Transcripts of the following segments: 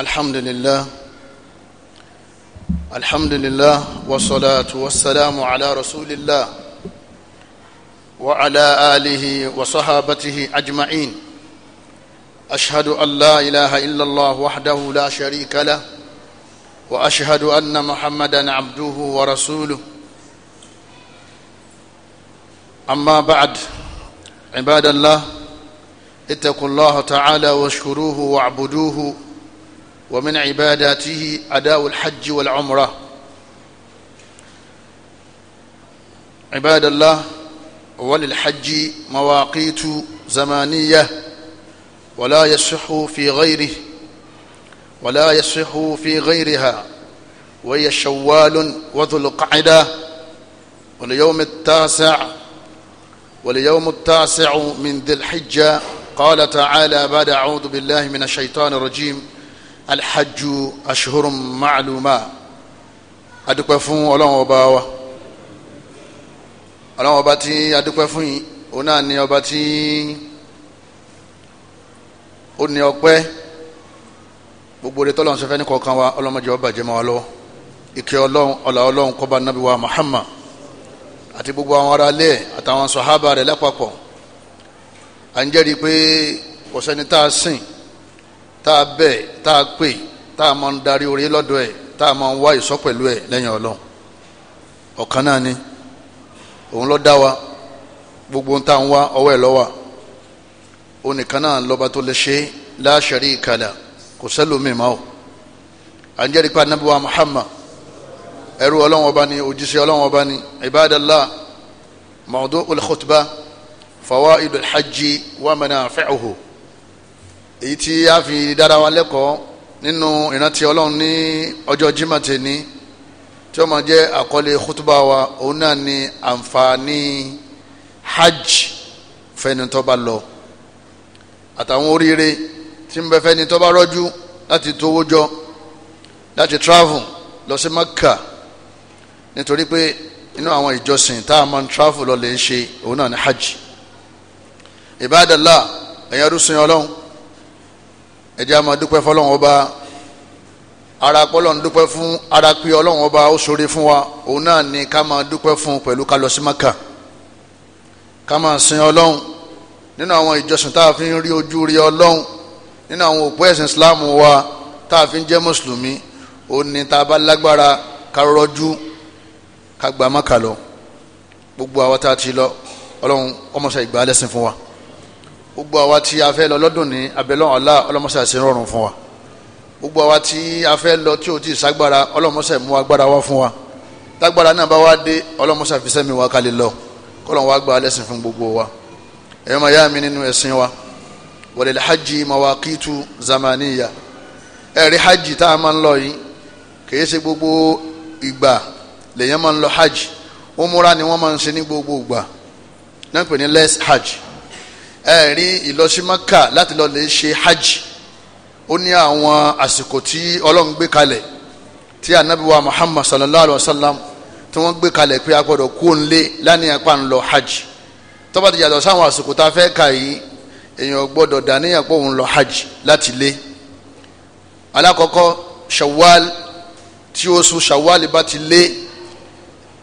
الحمد لله الحمد لله والصلاة والسلام على رسول الله وعلى آله وصحابته أجمعين أشهد أن لا إله إلا الله وحده لا شريك له وأشهد أن محمدا عبده ورسوله أما بعد عباد الله اتقوا الله تعالى واشكروه واعبدوه ومن عباداته أداء الحج والعمرة عباد الله وللحج مواقيت زمانية ولا يصح في غيره ولا يصح في غيرها وهي شوال وذو القعدة واليوم التاسع واليوم التاسع من ذي الحجة قال تعالى بعد أعوذ بالله من الشيطان الرجيم alhajju ashhurun ma'luma adúpẹ́ fún ọlọ́run ọba wa ọlọ́run ọba tí adúpẹ́ fún yìí òun náà ni ọba tí ó ní ọpẹ́ gbogbo rẹ tọ́lọ́run sọfẹ́ ní kọ̀ọ̀kan wa ọlọ́mọdé ọba jẹ́ mọ́ wa lọ́wọ́ ìkẹ́ ọlọ́run ọlá ọlọ́run kó bá wa Muhammad àti gbogbo àwọn ará ilé àtàwọn sọ̀hábà rẹ̀ lápapọ̀ à ń jẹ́rìí pé kò tá a sìn tá a bẹ̀ tá a pè tá a máa ń darí orí lọ́dọ̀ ẹ̀ tá a máa ń wá ìsọ́ pẹ̀lú ẹ̀ lẹ́yìn ọlọ́run ọ̀kan náà ni òun ló dá wa gbogbo tá a ń wá ọwọ́ ẹ̀ lọ́wọ́ òun náà lọ́ba tó lè ṣe la sharika kò sẹ́lómi o à ń jẹ́rìí Muhammad ẹrú ọlọ́run ọba ni òjíṣẹ́ ọlọ́run ọba ni ibadallah mawdu'ul khutbah fawaidul hajji wa manafi'uhu èyí tí a fi dára wa lẹ́kọ̀ọ́ nínú ìrántí ọlọ́run ní ọjọ́ jimá tèmi tí ó máa jẹ́ àkọlé kútúbà wa òun náà ni àǹfààní hajj fẹ́ni tó bá lọ àtàwọn oríire tí ń bẹ fẹ́ni tó rọ́jú láti tówó jọ láti travel lọ sí Mecca nítorí pé inú àwọn ìjọsìn tá a máa ń travel lọ lè ṣe òun náà ni hajj Ibadallah ẹ̀yẹ́rú sin ọlọ́run ẹ̀jẹ̀ àmọ́ dúpẹ́ fọlọ́wọ́n ọba ara pọ́lọ́ ń dúpẹ́ fún ara pé ọlọ́wọ́n ọba ó ṣoore fún wa òun náà ni ká máa dúpẹ́ fún pẹ̀lú ká lọ sí maka ká máa sin ọlọ́run nínú àwọn ìjọsìn tá a fi ń rí ojú rí ọlọ́run nínú àwọn òpó ẹ̀sìn Islam wa tá a fi ń jẹ́ mùsùlùmí òun ni tá a bá lágbára ká rọ́jú ká gba maka lọ gbogbo àwọn tá a ti lọ ọlọ́run ọmọ sọ ìgbà alẹ́sìn fún wa. gbogbo àwa tí a fẹ́ lọ lọ́dún ní abẹ́lọ́wọ̀n ọ̀la ọlọ́mọṣẹ́ àṣẹ rọrùn fún wa gbogbo àwa tí a fẹ́ lọ tí ò tí ì ságbára ọlọ́mọṣẹ́ mú agbára wá fún wa tágbára náà bá wá dé ọlọ́mọṣẹ́ àfisẹ́ mi wá kalẹ̀ lọ kọ́lọ́n wá gba alẹ́sìn fún gbogbo wa ẹ̀yọ́ máa yá mi nínú ẹ̀sìn wa walil hajji mawaqitu zamaniya ẹ̀rí hajj tá a máa ń lọ yìí kìí ṣe gbogbo ìgbà lèyàn máa ń lọ hajj umura ni wọ́n máa ń ṣe ní gbogbo ìgbà náà pè ní less hajj ẹ rí ìlọsímọ́kà láti lọ lè ṣe hajj ó ní àwọn àsìkò tí ọlọ́run gbé kalẹ̀ tí anabiwa muhammad sallallahu alayhi wa sallam tí wọ́n gbé kalẹ̀ pé a gbọ́dọ̀ kú òǹlé lánìyàn pa ń lọ hajj tó bá ti yàtọ̀ sáwọn àsìkò tá a fẹ́ kà yìí èèyàn gbọ́dọ̀ dàníyàn pé òun hajj láti lé alákọ̀ọ́kọ́ shawwal tí oṣù shawwal bá ti lé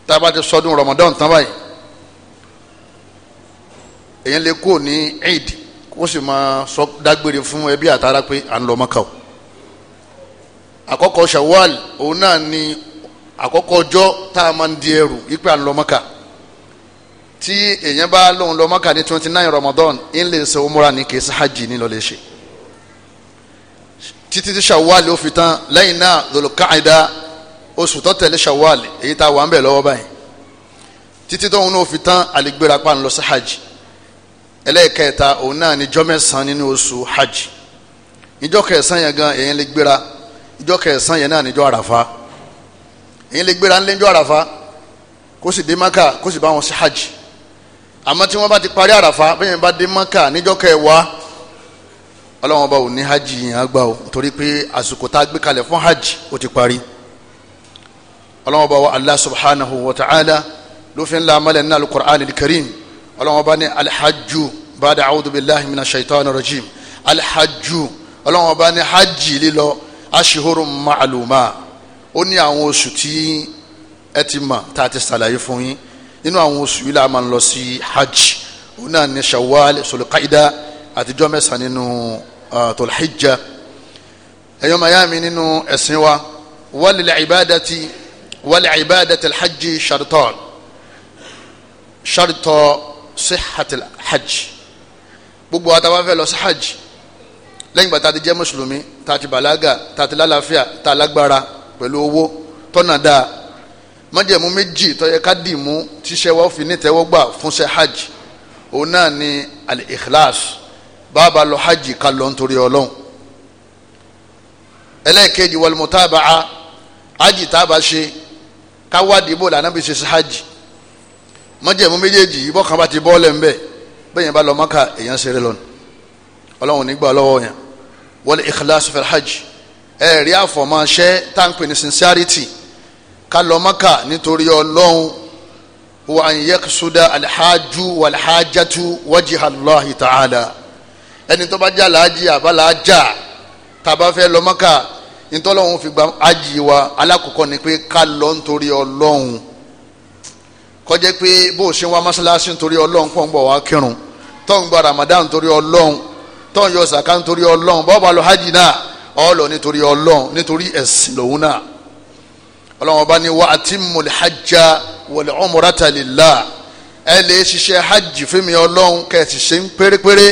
tá a bá ti sọdún ramadan tán báyìí èyàn lè kó ní eid kó sì máa sọ dágbére fún ẹbí àtàrà pé à ń lọ mọ́kà o àkọ́kọ́ shawal òun náà ni àkọ́kọ́ ọjọ́ tá a máa ń di ẹrù yí pé à ń lọ mọ́kà tí èyàn bá lóun lọ mọ́kà ní twenty nine ramadan ń lè ṣe umra ní kìí sáhájì ní lọ́lẹ́ ṣe títí tí shawal ó fi tán lẹ́yìn náà lòlùkàìdá oṣù tó tẹ̀lé shawal èyí tá a wà ń bẹ̀ lọ́wọ́ báyìí títí tóun náà ó fi tán àlè pa ń lọ sáhájì ẹlẹ́ẹ̀kẹta òun náà ni jọ́ mẹ́sàn-án nínú oṣù hajj ìjọ kẹsàn-án yẹn gan èyàn lè gbéra ìjọ kẹsàn-án yẹn náà níjọ àràfà èyàn lè gbéra ńlẹ́jọ àràfà kó sì dé maka kó sì bá wọn sí hajj àmọ́ tí wọ́n bá ti parí àràfà bẹ́ẹ̀ yẹn bá dé maka níjọ kẹwàá ọlọ́wọ́n bá wò ní hajj yẹn gbà ó torí pé àsìkò tá a gbé kalẹ̀ fún hajj ó ti parí ọlọ́wọ́n bá wọ Allah subhanahu wa ta'ala lófin lamẹ́lẹ̀ ní alukur'an al-karim ọlọ́wọ́n bá ní alhajju bada awudu bilahi mina shaitan rajim alhajju ọlọ́wọ́n bá ní hajj lílọ ashihoro ma'aluma ó ní àwọn oṣù tí ẹ ti mọ̀ tá a ti ṣàlàyé fún yín nínú àwọn oṣù yìí la máa ń lọ sí hajj ó náà ní shawwal sulukaida àtijọ́ mẹ́sàn-án nínú tolhijja uh, ẹ̀yọ́ mayami nínú ẹ̀sìn wa wàlẹ̀ ìbádàtì wàlẹ̀ ìbádàtì alhajj shartọ́ọ̀lù shartọ sihatil hajj gbogbo wa ta bá fẹ́ lọ sí hajj lẹ́yìn gbàtà ti jẹ́ mùsùlùmí ta ti bàlágà ta ti lálàáfíà ta lágbára pẹ̀lú owó tọ́nà dáa májẹ̀mú méjì tó yẹ ká dì mú tíṣẹ́ wa fi nítẹ̀wọ́gbà fúnṣẹ́ hajj òun náà ni al-ikhlas bàbá lọ hajj ká lọ nítorí ọlọ́run ẹlẹ́ẹ̀kejì wal mutaba'a a bá ṣe ká wádìí bò lànà bí ṣe hajj májẹ̀mú méjèèjì yìí bọ́kàn bá ti bọ́ lẹ̀ ńbẹ bẹ́yẹn bá lọ mọ́kà èèyàn ṣeré lọ́nu ọlọ́run nígbà lọ́wọ́ yẹn wal ikhlas fil hajj ẹ rí àfọ̀mọ́ṣẹ́ táǹpì ní sincerity ká lọ mọ́kà nítorí ọlọ́run wa an yaqsuda alhaju walhajatu wajha Allahi ta'ala ẹni tó bá jẹ́ aláàjì àbáláàjà tàbá fẹ́ lọ mọ́kà nítorí ọlọ́run fi gba ájì wa alákọ̀ọ́kọ́ ni pé ká lọ nítorí ọlọ́run kọjá pé bó o ṣe wá mọ́ṣáláṣí nítorí ọlọ́run pọ̀ ń bọ̀ wá kírun tó ń gba Ramadan nítorí ọlọ́run tó ń yọ sàká nítorí ọlọ́run bọ́ọ̀ bá lọ hajj náà ó nítorí ọlọ́run nítorí ẹ̀sìn lòun náà ọlọ́run ọba ni wa atimul hajja wal umrata lillah ẹ lè ṣiṣẹ́ hajj fẹ́mi ọlọ́run kẹ̀sì ṣe ń pérépéré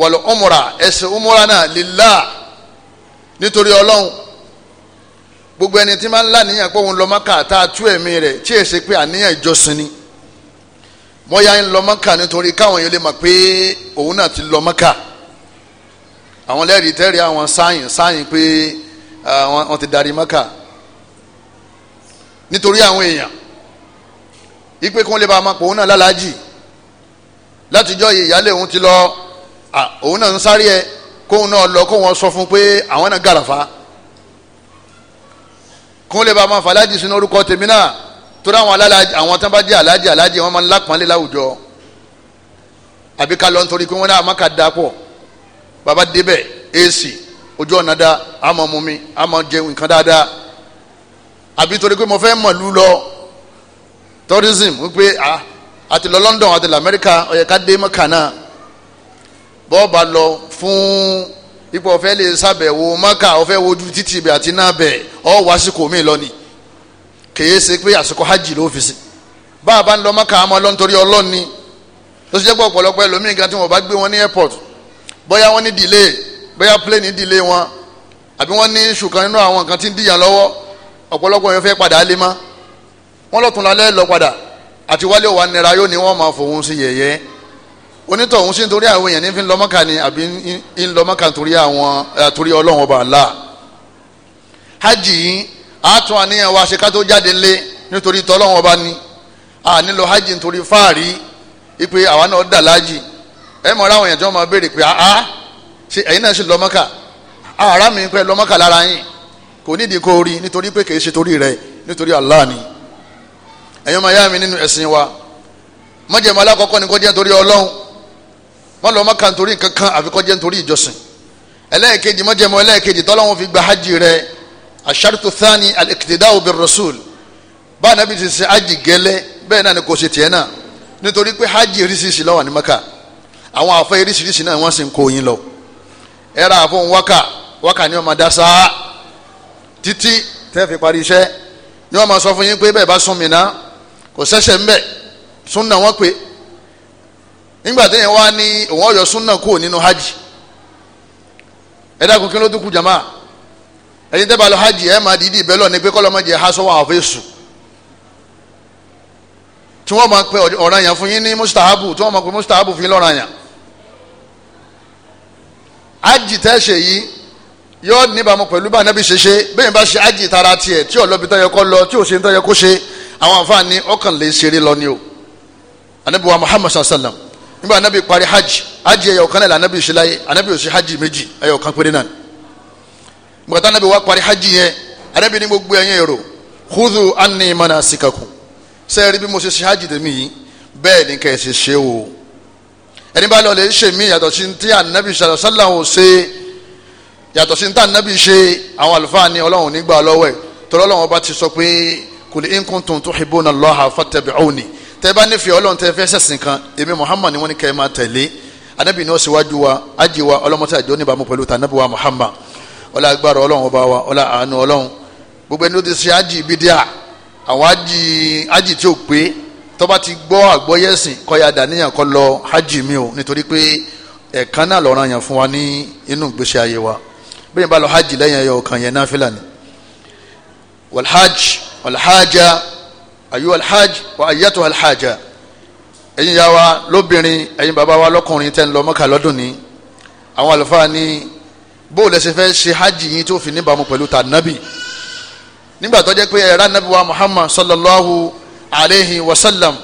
wal umra ẹ̀sìn umra náà lillah nítorí ọlọ́run gbogbo ẹni tí máa ń láníyàn pé òun lọ mọ́kà tá a tú ẹ̀mí rẹ̀ tí èsì pé àníyàn ìjọsìn ni mọ́yá ń lọ mọ́kà nítorí káwọn yẹn lè mọ̀ pé òun náà ti lọ mọ́kà àwọn lẹ́rìí tẹ́rìí àwọn sáyìn sáyìn pé wọ́n ti darí mọ́kà nítorí àwọn èèyàn ipe kí wọ́n lè ba ọmọ pò òun náà lálàájì látijọ́ ìyálé òun ti lọ òun náà ń sáré ẹ kóun náà lọ kóun sọ fún pé àwọn náà gàràfà kó lè ba ma fa aláàjì sínú orúkọ tèmi náà torí àwọn aláàjì àwọn tán bá jẹ́ aláàjì aláàjì wọn máa ń lápọ́nlé láwùjọ àbí ká lọ nítorí pé wọn náà má ka da pọ̀ baba débẹ̀ èsì ojú ọ̀nà da àmọ́ mu mi àmọ́ jẹun nǹkan dáadáa àbí torí pé mo fẹ́ mọ̀lú lọ tourism wípé a, àti lọ London àti lọ America, ó yẹ ká dé mọ́kànnà bọ́ọ̀ lọ fún ipò ọ̀fẹ́ lè ṣàbẹ̀wò maka ọ̀fẹ́ wojú títì ibẹ̀ àti náà bẹ̀ ọ́ wá síkò mí lọ́ni kèé ṣe pé àsìkò hajj ló fi sí bá a bá ń lọ maka àmọ́ lọ́n torí ọlọ́ni tó ṣe jẹ́ pé ọ̀pọ̀lọpọ̀ ẹlòmíì gan tí wọ́n bá gbé wọn ní airport bóyá wọ́n ní delay bóyá plane delay wọn àbí wọ́n ní ṣùkan nínú àwọn nǹkan tí ń dìyàn lọ́wọ́ ọ̀pọ̀lọpọ̀ yẹn fẹ́ padà lé má wọ́n lọ́tún lálẹ́ lọ padà àti wálé òwà nira yóò ní wọ́n máa fòun sí yẹ̀yẹ́ onítọ̀ òun sì ń torí àwọn èèyàn ní fi ń lọ́mọ́ka ni àbí ń lọ́mọ́ka torí àwọn torí ọlọ́run ọba Allah hajj yìí àtún àníyàn wa ṣe ká tó jáde lé nítorí tọ́lọ́run ọba ni a nílò hajj nítorí fáàrí ipe àwa náà dà láàjì ẹ mọ̀ ráwọn èèyàn tí wọ́n máa béèrè pé àá ṣe ẹ̀yin náà ṣe lọ́mọ́ka ara mi pẹ́ lọ́mọ́ka lára yín kò nídìí kó rí nítorí pé kìí ṣe torí rẹ nítorí Allah ni mọ̀jẹ̀mọ́ alákọ̀ọ́kọ́ ni kò jẹ́ torí ọlọ́run má lọ Mákà nítorí nǹkan kan àfi kó jẹ́ nítorí ìjọsìn ẹlẹ́ẹ̀kejì mọ́jẹ́mọ ẹlẹ́ẹ̀kejì tọ́lọ́wọ́n fi gba hajj rẹ aṣáàtú thani al-iqtida'u rasul bá anabi ti ṣe hajj gẹ́lẹ́ bẹ́ẹ̀ náà ni kò ṣe tiẹ̀ náà nítorí pé hajj oríṣiríṣi ló wà ní Mákà àwọn àfẹ́ oríṣiríṣi náà wọ́n sì ń kó yín lọ ẹ̀rọ àfọ̀n wákà wákà ni wọ́n máa dá títí tẹ́ fi parí iṣẹ́ ni wọ́n máa sọ fún yín pé bẹ́ẹ̀ bá sún mi ná kò sẹ́sẹ̀ ń bẹ̀ sún náà wọ́n pè é nígbà téèyàn wá ní òun ọ̀yọ́ súnà kúrò nínú hajj ẹ dákun ló dúkù jama ẹ̀yin tẹ́ bá lọ hajj ẹ̀ máa dìídì bẹ́ẹ̀ lọ ni pé kọ́lọ́ máa jẹ ha sọ́wọ́ àwọn fèsù tí wọ́n máa pe ọ̀ràn yàn fún yín ní mustahabu tí wọ́n máa pe mustahabu fún yín lọ́ràn yàn hajj tẹ́ ṣe yìí yóò níbàámu pẹ̀lú bá anábì ṣe ṣe bẹ́ẹ̀ bá ṣe hajj tara tiẹ̀ tí ọ̀lọ́bi tó yẹ kó lọ tí òṣèlú yẹ kó ṣe àwọn àǹfààní ọkàn lè ṣeré lọ ni o anábì wa muhammad sallallahu alayhi wa sallam nígbà anabi parí hajj hajj ẹyọ kan náà lànàbì ṣe láyé anabi ò ṣe hajj méjì ẹyọ kan péré náà nígbà tá anabi wá parí hajj yẹn anabi ní gbogbo ẹ̀yin èrò khudhu anni manasikakum sẹ́ẹ̀rí bí mo ṣe ṣe hajj tèmi yìí bẹ́ẹ̀ ni kẹ́ ẹ ṣe ṣe o ẹni bá lọ lè ṣe mí yàtọ̀ sí ti anabi sàlọ́sàlà ò ṣe yàtọ̀ sí ti anabi ṣe àwọn àlùfáà ni ọlọ́run nígbà lọ́wọ́ ẹ̀ tọ́lọ́run ti sọ pé kul in kuntum tuhibbuna Allaha tẹ́ bá nífẹ̀ẹ́ ọlọ́run tẹ́ fẹ́ kan èmi muhammad ni wọ́n ní kẹ́ ẹ máa tẹ̀lé anabi ní ọ̀ṣíwájú wa ájì wa ọlọ́mọtí àjọ oníbàámu pẹ̀lú tànàbí wa muhammad ọlá agbára ọlọ́run ọba wa ọlá àánú ọlọ́run gbogbo ẹni tó ti ṣe ájì ibi díà àwọn ájì ájì tí ò pé tó ti gbọ́ àgbọ́yẹ̀sìn kó ya dàníyàn kó lọ ájì mi n'itori nítorí pé náà yàn fún wa ní inú wa bí yẹn ayu alhaj wa ayatu alhaja ẹ̀yin ya wa lóbìnrin ẹ̀yin bàbá wa lọ́kùnrin tẹ́ ń lọ mọ́kà lọ́dún ni àwọn àlùfáà ní bóòlù ẹsẹ̀ fẹ́ ṣe hajj yín tó fi níbàámu pẹ̀lú tànàbì nígbà tó jẹ́ pé ẹ̀rá nàbí wa muhammad sallallahu alayhi wa sallam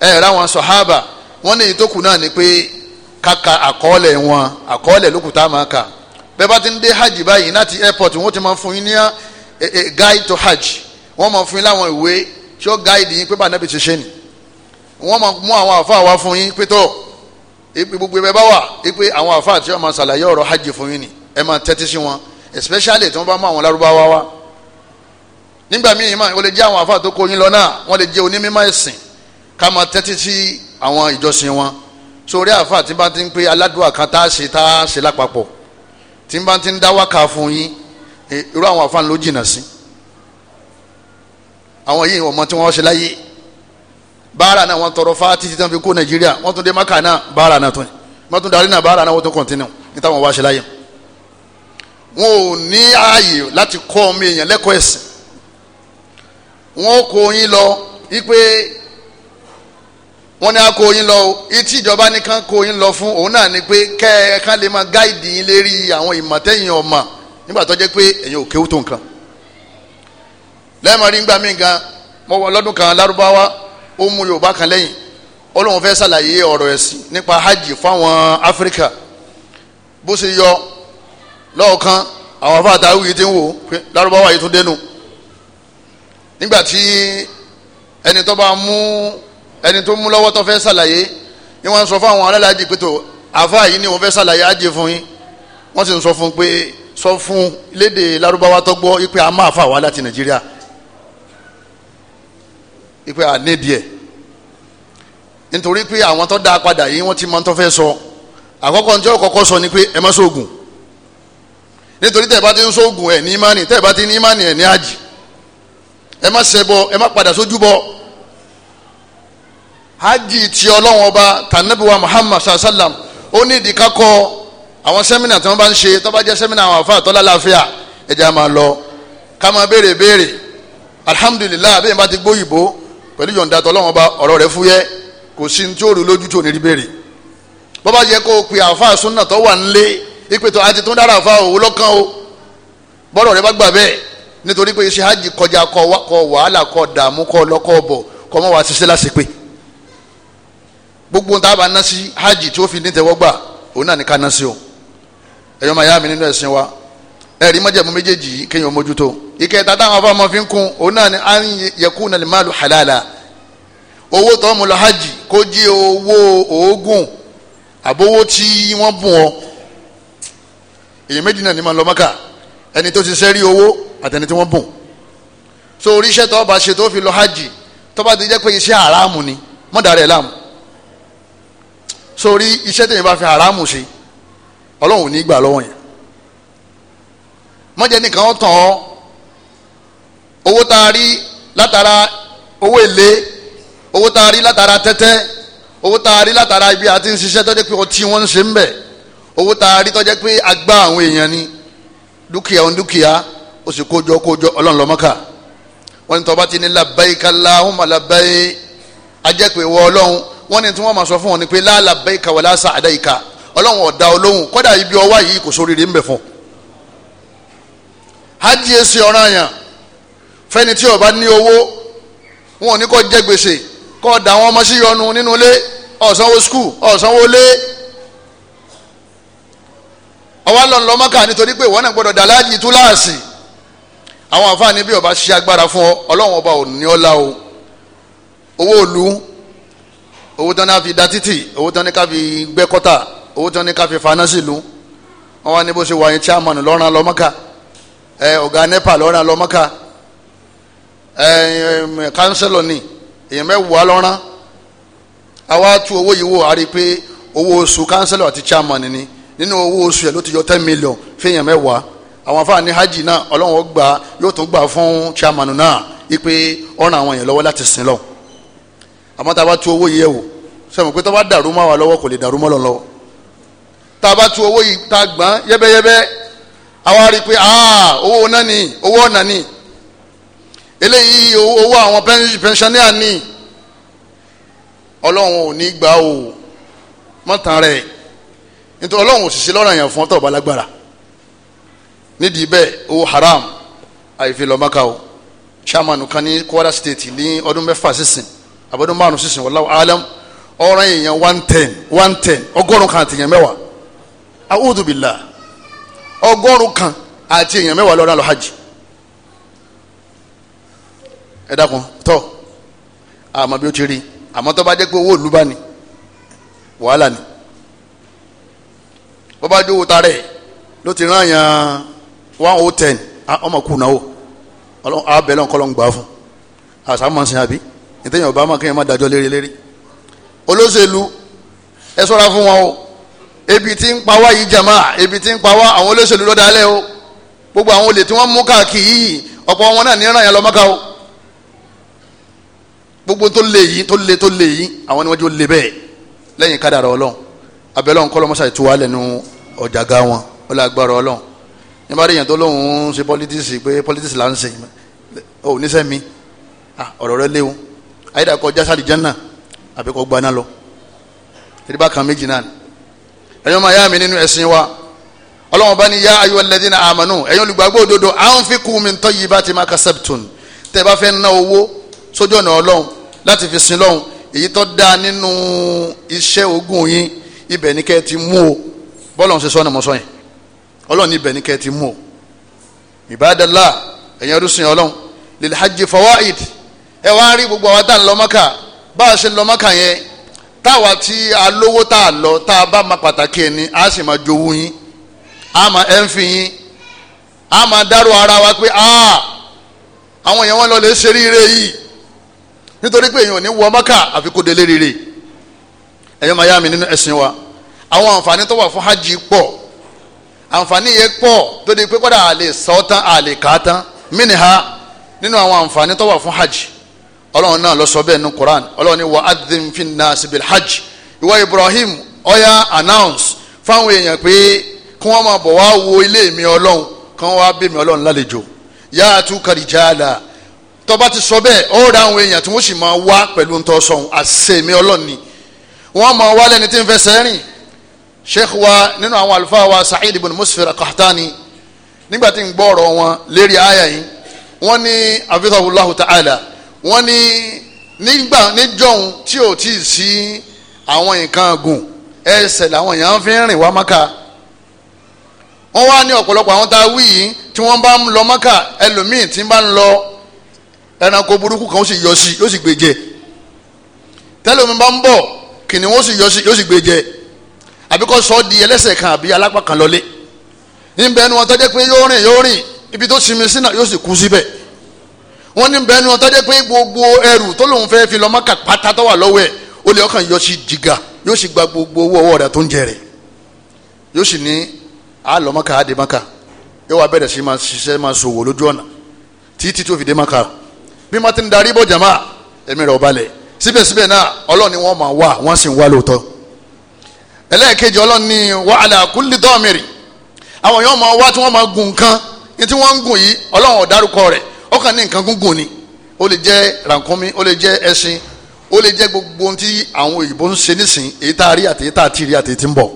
ẹ̀rá wọn sọ̀hábà wọ́n ní ìtókù náà ni pé kàkà àkọọ́lẹ̀ wọn àkọọ́lẹ̀ lókùtà máa kà bẹ́ẹ̀ bá ti ń dé hajj báyìí láti airport wọ́n ti máa fún yín ní eh, eh, guide to hajj wọ́n máa fún yín láwọn ìwé tí ó gáìdì yín pé bá nẹ́bí ti ṣe ni wọ́n máa mú àwọn àfa wá fún yín pé tó gbogbo ẹ bá wà pé àwọn àfa tí wọ́n máa ṣàlàyé ọ̀rọ̀ hajj fún yín ni ẹ máa tẹ́tí sí wọn especially tí wọ́n bá mú àwọn lárúbáwá wá nígbà míì máa ó lè jẹ́ àwọn àfa tó kó yín lọ náà wọ́n lè jẹ́ onímọ̀ ẹ̀sìn ká máa tẹ́tí sí àwọn ìjọsìn wọn sórí àfa tí bá ti ń pé aládùúgbò kan tá a ṣe tá a ṣe lápapọ̀ tí bá ti ń dá wákà fún yín irú àwọn àfa ló jìnnà sí àwọn yìí ọmọ tí wọ́n ṣe láyé báárà náà wọ́n tọrọ fáá títí tán fi kó nàìjíríà wọ́n tún dé maka náà báárà náà tún wọ́n tún darí náà báárà náà wọ́n tún kọ̀ntínú ní táwọn wá ṣe láyé wọn ò ní ààyè láti kọ́ ọmọ èèyàn lẹ́kọ̀ọ́ ẹ̀sìn wọn kò yín wọn ni a kò yín lọ etí ìjọba nìkan kò yín lọ fún òun náà ni pé lè máa gáìdì yín lérí àwọn ìmọ̀tẹ́yìn lẹ́ẹ̀mọ̀ rí gbà mí gan mo wọ lọ́dún kan lárúbáwá ó mú yorùbá kan lẹ́yìn ó lóun fẹ́ ṣàlàyé ọ̀rọ̀ ẹ̀sìn nípa hajj fáwọn áfíríkà bó ṣe yọ lọ́ọ̀kan àwọn afá àtàwí ti ń wò pé lárúbáwá yìí tún dénú nígbà tí ẹni tó bá mú ẹni tó mú lọ́wọ́ tó fẹ́ ṣàlàyé ni wọ́n sọ fáwọn alálàájì pé tó àfá yìí ni wọ́n fẹ́ ṣàlàyé hajj fún yín wọ́n sì ń sọ fún pé sọ fún léde lárúbáwá tó gbọ́ ipe a máa fà wá láti nàìjíríà ipe ànídìí ẹ̀ nítorí pé àwọn tó dáa padà yìí wọ́n ti máa ń tọ́ fẹ́ sọ àkọ́kọ́ njẹ́ ọ̀kọ́kọ́ sọ ni pé ẹ má sóògùn nítorí tẹ́ ẹ bá ti ń sóògùn ẹ̀ ní ìmánì tẹ́ ẹ bá ti ní ìmánì ẹ̀ ní àjì ẹ má ṣẹbọ ẹ má padà sójú bọ hajj ti ọlọ́wọ́n ọba tànàbíwá Muhammad sallam ó ní ìdíkà kọ àwọn sẹ́mínà tí wọ́n bá ń ṣe tó bá jẹ́ sẹ́mínà àwọn àfa àtọ́lá láàfíà ẹ̀jẹ̀ máa lọ ká máa béèrè béèrè alhamdulilayi àbẹ́yẹn bá ti gbóyìnbó pẹ̀lú yọ̀ǹda tọ́lọ́wọ́n bá ọ̀rọ̀ rẹ fúyẹ́ kò sí ní tí ó rú lójú tí ní rí béèrè bó yẹ kó o pe àáfàá súnà tó wà nílé ipe tó a ti tún dára àáfàá òwò lọ́kàn o bọ́rọ̀ rẹ bá gbà bẹ́ẹ̀ nítorí pé iṣẹ́ hajj kọjá kọ wàhálà kọ dààmú kọ bọ̀ mọ́ ṣiṣẹ́ gbogbo ntaba ná sí hajj tí ó fi ní tẹ́wọ́ gbà o ẹ̀yọ́ yá mi nínú ẹ̀sìn ẹ̀rí májẹ̀mú méjèèjì yìí kéèyàn mójútó ìkẹta táwọn afọ ọmọ fi ń kun òun náà ni à ń yẹkú nàlẹ́ máàlù halala owó tó mú lọ hajj kó jẹ́ owó oògùn àbówó tí wọ́n bùn ọ́ èyí méjì náà ni máa lọ Mákà ẹni tó ti sẹ́rí owó àtẹni tí wọ́n bùn so oríṣẹ́ tó bá ṣe tó fi lọ hajj tó bá ti jẹ́ pé iṣẹ́ haramu ni mọ́dàrẹ́ láàmú so orí iṣẹ́ tẹ̀yìn bá fi haramu ṣe ọlọ́run ò ní gbà lọ́wọ́ yẹn mọ́jẹ́ nìkan ọ̀tàn ọ́ owó tá a rí látara owó èlé owó tá a rí látara tẹ́tẹ́ owó tá a rí látara ibi àti ń ṣiṣẹ́ tọ́jú pé ọtí wọ́n ń ṣe ń bẹ̀ owó tá a rí tọ́jú pé agbá àwọn èèyàn ni dúkìá òun dúkìá ó sì kójọ kójọ ọlọ́run lọ́mọ́kà wọ́n ní tọ́ba ti ní labbaika Allahumma labbaik ajẹ́ pé wọ́ ọlọ́run wọ́n ní tí wọ́n máa sọ fún wọn ni pé la labbaika wala sa'daika ọlọ́run ọ̀dà olóhùn kọ́dà ibi ọwá yìí kò sóríire ń bẹ̀ fún un hajj èsì ọ̀ràn àyàn fẹ́ni tí ó bá ní owó wọn ò ní kó jẹ gbèsè kó dà wọn ọmọ sí yọnu nínú ilé ọ̀sánwó skul ọ̀sánwó lé ọwọ́ lọ́nlọ́ mọ́kà nítorí pé ìwọ náà gbọ́dọ̀ túláàsì àwọn àǹfààní bí ó ṣe agbára fún ọ ọlọ́run ọba ò ọlá o owó òlu owó tán ní ká fi da títì owó tán ní ká fi gbẹ́ kọ́tà owó tán ní ká fi faná sílu wọn wá ní bó ṣe wà yẹn chairman lọ́ràn lọ́mọ́kà. Lo ẹ ọ̀gá nepa lọ́ran lọ́mọ́ka ẹ ẹ um, kánsẹ́lọ̀ ni èèyàn mẹ́wàá lọ́ran àwa tú owó yìí wò á rí i pé owó oṣù kánsẹ́lọ̀ àti chairman ni nínú owó oṣù yẹn ló ti yọ ten million fẹ́yàn mẹ́wàá àwọn afáàní hajj náà ọlọ́run gbà yóò tún gbà fún chairman náà ipe ọ̀ràn àwọn èèyàn lọ́wọ́ láti sin lọ àmọ́ tá a bá tú owó yìí yẹ̀ wò sẹ́mi pé tó bá dàrú mọ́ wa lọ́wọ́ kò lè dàrú mọ́ lọ́wọ́ tá a bá tú owó yìí tá a gbọ́n yẹ́bẹ́yẹ́bẹ́ àwa rí i pé ah, owó ọ̀nà ni owó ọ̀nà ni eléyìí owó àwọn pẹnṣánìà ni ọlọ́run ò ní gbà o mọ́tàn rẹ̀ nítorí ọlọ́run òṣìṣẹ́ lọ́rọ̀ yẹn fún ọtọ̀ balagbara nídìí bẹ́ẹ̀ owó haram àìfi lọ o chairman kan ní Kwara state ní ọdún mẹ́fà sísìn àbọ̀dún márùn sísìn wallahu alam ọ̀ràn èèyàn one ten one ten ọgọ́rùn-ún kan àtìyàn mẹ́wàá a'udhu billah ọgọ́rùn kan àti èèyàn mẹ́wàá lọ́dọ̀ alọ́hajj ẹ dákun tọ́ àmọ́ bí ó ti rí àmọ́ tó bá jẹ́ pé owó ìlú bá ní wàhálà ni bó bá tarẹ̀ ló ti rán àyàn one oh ten ọmọ kù náà o abẹ́lẹ́ ọ̀kọ́lọ́ ń gbà fún àsámọ̀sìn àbí ìtẹ̀yìn ọ̀bá máa kéèyàn má dájọ́ lérí olóṣèlú ẹ sọ́ra fún o. ebi tí ń pa wá yìí jama ebi tí ń pa wá àwọn olóṣèlú lọ́dà alẹ́ o gbogbo àwọn olè tí wọ́n mú káàkiri yìí ọ̀pọ̀ wọn náà ní ràn yẹn lọ o gbogbo tó lè yìí tó lè tó lè yìí àwọn ni wọ́n jọ lè bẹ́ẹ̀ lẹ́yìn kádàrá ọlọ́run abẹ́lẹ́ ọ̀nkọ́ lọ́mọ́sá ìtura lẹ́nu ọ̀jàgá wọn ó lè agbára ọlọ́run nígbà tí èèyàn tó lóun ń ṣe pọ́lítíìsì pé pọ́lítíìsì là ń ṣe ò níṣẹ́ mi ah, ọ̀rọ̀ rẹ léwu ayédàkọ jásàlì jẹ́nà àbíkọ gbaná lọ ìdíbà kan méjì náà ẹ̀yin ọmọ ayá mi nínú ẹ̀sìn wa ọlọ́wọ́n bá ní yá ayọ̀ alladhina amanu ẹ̀yin olùgbàgbọ́ òdodo anfiqu min tayyibati ma kasabtun tẹ́ ẹ bá fẹ́ ná owó sójú ọ̀nà ọlọ́run láti fi sin lọ́run èyí tó dáa nínú iṣẹ́ ogun yín ibẹ̀ ní kẹ́ ẹ ti mú o bọ́lọ̀ ń ṣe sọ́nà mọ́sọ́ yẹn ọlọ́run ibẹ̀ ní kẹ́ ẹ ti mú o ìbádàlá ẹ̀yin ọdúnṣin ọlọ́run lil hajji fawaid ẹ wá rí gbogbo àwọn tá à ń lọ Mákà bá a ṣe lọ Mákà yẹn táwa tí a lówó tá a lọ tá a bá ma pàtàkì a sì ma jowú yín a ma ẹ ń fi yín a ma dárò ara wa pé a àwọn èèyàn wọn lọ lè ṣe yi yìí nítorí pé èèyàn ò ní wọ mọ́kà àfi kó délé ríire ẹ̀yọ́ ma yá mi nínú ẹ̀sìn wa àwọn àǹfààní tó wà fún hajj pọ̀ àǹfààní yẹn pọ̀ tó di pé kọ́dà a lè tán a ha nínú àwọn àǹfààní tó wà hajj ọlọ́run náà lọ sọ bẹ́ẹ̀ nu Quran ọlọ́run ni wà á dín fi nà síbi hajj ìwọ Ibrahim ọ̀yà announce fáwọn èèyàn pé kí wọ́n máa bọ̀ wá wo ilé mi ọlọ́run kí wọ́n wá bí mi ọlọ́run lálejò yá àtú kàrìjàlá tọ́ba ti sọ bẹ́ẹ̀ ó ra àwọn èèyàn tí wọ́n sì máa wá pẹ̀lú ntọ́ sọ̀hún àṣẹ mi ọlọ́run ni wọ́n máa wá lẹ́ni tí ń fẹsẹ̀ rìn sheikh wa nínú àwọn àlùfáà wa Sa'id ibn Musfir Qahtani nígbà tí ń gbọ́ ọ̀rọ̀ wọn lérí àyà yìí wọ́n ní afidhahullahu ta'ala wọ́n ní nígbà níjọ́hun tí ò tí ì sí àwọn nǹkan gùn ẹsẹ̀ làwọn èèyàn fi ń rìn wá mọ́kà wọ́n wá ní ọ̀pọ̀lọpọ̀ àwọn tá a wí yìí tí wọ́n bá ń lọ mọ́kà ẹlòmíì tí ń bá ń lọ ẹranko burúkú kan ó sì yọ sí yóò sì gbèjẹ tẹlẹmi bá ń bọ̀ kìnìún ó sì yọ sí yóò sì gbèjẹ àbíkọ́ sọ di ẹlẹ́sẹ̀ kan àbí alápá kan lọ́lé níbẹ̀ ni wọ́n tọ́jú pé yóò rìn yóò rìn ibi tó sinmi sínà yóò sì kú síbẹ̀ wọ́n ní bẹ́ẹ̀ ni wọ́n tọ́jú pé gbogbo ẹrù tó lòun fẹ́ fi lọ́mọ́ kà pátá tó wà lọ́wọ́ ẹ̀ ó lè ọkàn yọ sí jìgà yóò gba gbogbo owó ọwọ́ rẹ̀ tó ń jẹ rẹ̀ yóò sì ní àlọ́mọ́kà àdèmọ́kà yóò wá bẹ̀rẹ̀ sí máa ṣiṣẹ́ máa ṣòwò lójú ọ̀nà títí tó fi dé bí wọ́n ti ń darí bọ̀ jàmá ẹ̀mí rẹ̀ ò balẹ̀ síbẹ̀síbẹ̀ ni wọ́n máa wà wọ́n sì ó kàn ní nǹkan gúngùn ni ó lè jẹ́ rànkúnmí ó lè jẹ́ ẹṣin ó lè jẹ́ gbogbo ohun tí àwọn òyìnbó ń ṣe nísìn èyí tá a rí àti èyí tá a ti rí àti èyí tí ń bọ̀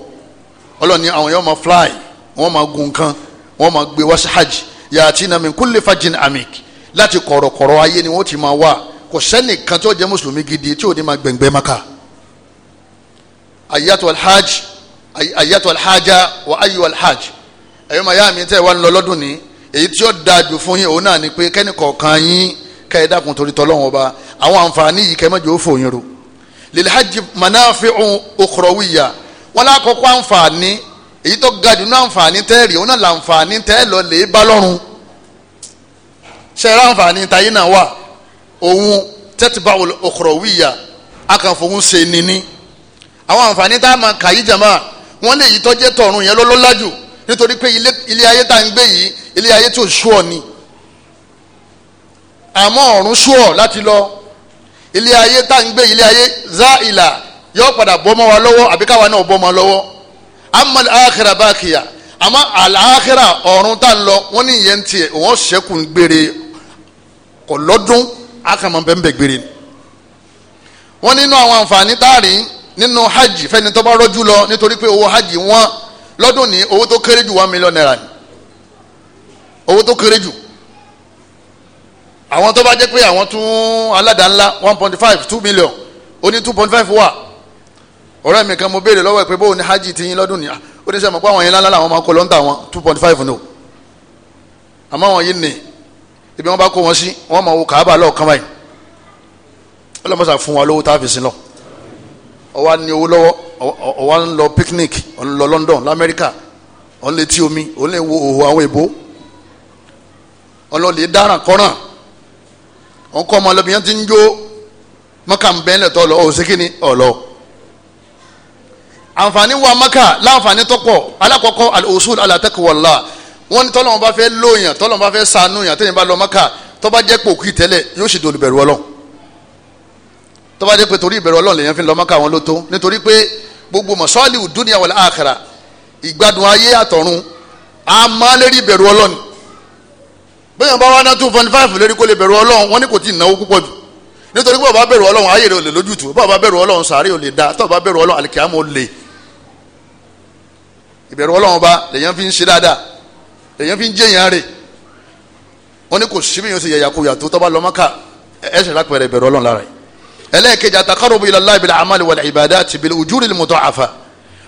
ọlọ́ni àwọn yóò máa fly wọ́n máa gun nǹkan wọ́n máa gbé wá sí hajj yàtí nami kúlẹ̀ fàjìn amik láti kọ̀rọ̀kọ̀rọ̀ ayé ni wọ́n ti máa wà kò sẹ́nìkan tí ó jẹ́ mùsùlùmí gidi tí ò ní máa gbẹ̀ngbẹ́ maka ayatu alhaj ayatu alhaja wa ayu alhaj ẹ̀yọ́ màá yá mi tẹ́ ẹ ń lọ lọ́dún nìí èyí tí ó dáa jù fún yín òun náà ni pé kẹ́ni kọ̀ọ̀kan yín kẹ́ ẹ dákun torí tọ́lọ́run ọba àwọn àǹfààní yìí kẹ́ mọ́jọ́ fò yín ro lilhajj manafi'un ukhrawiyya wọn lákọ̀ọ́kọ́ àǹfààní èyí tó ga jù ní àǹfààní tẹ́ rí òun náà làǹfààní tẹ́ lọ lè bá lọ́rùn ṣẹ́ra àǹfààní tayé náà wà òun tẹ́tìbá ukhrawiyya akànfọ̀hún ṣe nìní àwọn àǹfààní nítorí pé ilé ayé tá à ń gbé yìí ilé ayé tó ṣúọ ni àmọ́ ọ̀run ṣúọ láti lọ ilé ayé tá à ń gbé ilé ayé zá ìlà yóò padà bọ́mọ wa lọ́wọ́ àbí káwa náà bọ́mọ lọ́wọ́ amal ahira bakiya àmọ́ àlàáhìrà ọ̀run tá à ń lọ wọ́n ní ìyẹn tiẹ̀ wọ́n ṣẹ́kù ń gbére kò lọ́dún àkàmọ́ bẹ́ẹ̀ gbére ni wọ́n nínú àwọn àǹfààní táàrí nínú hajj fẹ́ni tó bá rọ́jú lọ nítorí pé owó hajj wọ́n lọ́dún ní owó tó kéré jù one million naira ni owó tó kéré jù àwọn tó bá jẹ́ pé àwọn tún aládàá-ńlá one point five two million ó ní two point five wà ọ̀rẹ́ mi kan mo béèrè lọ́wọ́ ẹ̀ pé bóun ni hajj ti yín lọ́dún ní ah, ó ní sẹ́ mọ̀ pé àwọn yẹn ńláńlá làwọn máa kó lọ́ńtà wọn two point five ní o àmọ́ àwọn yìí nì ibi wọn bá kó wọn sí wọn máa wo kàábà lọ́ọ̀kan báyìí ọlọ́mọṣà fún wa lówó tá a fi sin lọ́ọ̀ ó wá ní owó lọ́wọ́ ó wá ń lọ picnic ó ń lọ London l'Amẹ́ríkà ó ń lè tí omi ó ń lè wo òhò àwọn èbó ọlọ́ọ̀lẹ́ dáràn kọ́ràn ó ń kọ́ ọmọ ọlọ́bìyàn ti ń jó mọ́kà ń bẹ́ẹ̀ lẹ́tọ́ lọ ọ̀hún sékìní ọ̀lọ́ àǹfààní wa mọ́kà láǹfààní tọ́pọ̀ alákọ̀ọ́kọ́ al-usul ala taqwallah wọ́n ní tọ́lọ́mọba fẹ́ lóyàn tọ́lọ́mọba fẹ́ sànúyàn tẹ́yìn bá lọ mọ́kà tọ́ba jẹ́ pòkì tẹ́lẹ̀ yóò sì dolùbẹ̀rù ọlọ́run tó bá jẹ́ pé torí ìbẹ̀rù ọlọ́run lèyàn fi lọ mọ́kà wọn ló tó nítorí pé gbogbo mọ̀sọ́ọ̀lì dúnìá wal àkhírà ìgbádùn ayé àtọ̀run a ìbẹ̀rù ọlọ́run bóyá bá wá ná two point five lérí kó lè bẹ̀rù ọlọ́run wọn ní kò tí ì náwó púpọ̀ jù nítorí pé bàbá bẹ̀rù ọlọ́run ayé rẹ̀ ò lè lójútu bàbá bẹ̀rù ọlọ́run sàárè ò lè da tó bá bẹ̀rù ọlọ́run àlìkàmù ò ba lèyàn fi ń ṣe dáadáa lèyàn fi ń jẹ́yàn rè wọn ní kò síbi yóò ṣe yẹ̀yàkuyà tó tó bá lọ́mọ́ká ẹlẹ́ẹ̀kejì àtàkọ́rọ̀bù ilallahi bil amali wal ibadati bil ujuri al mudha'afa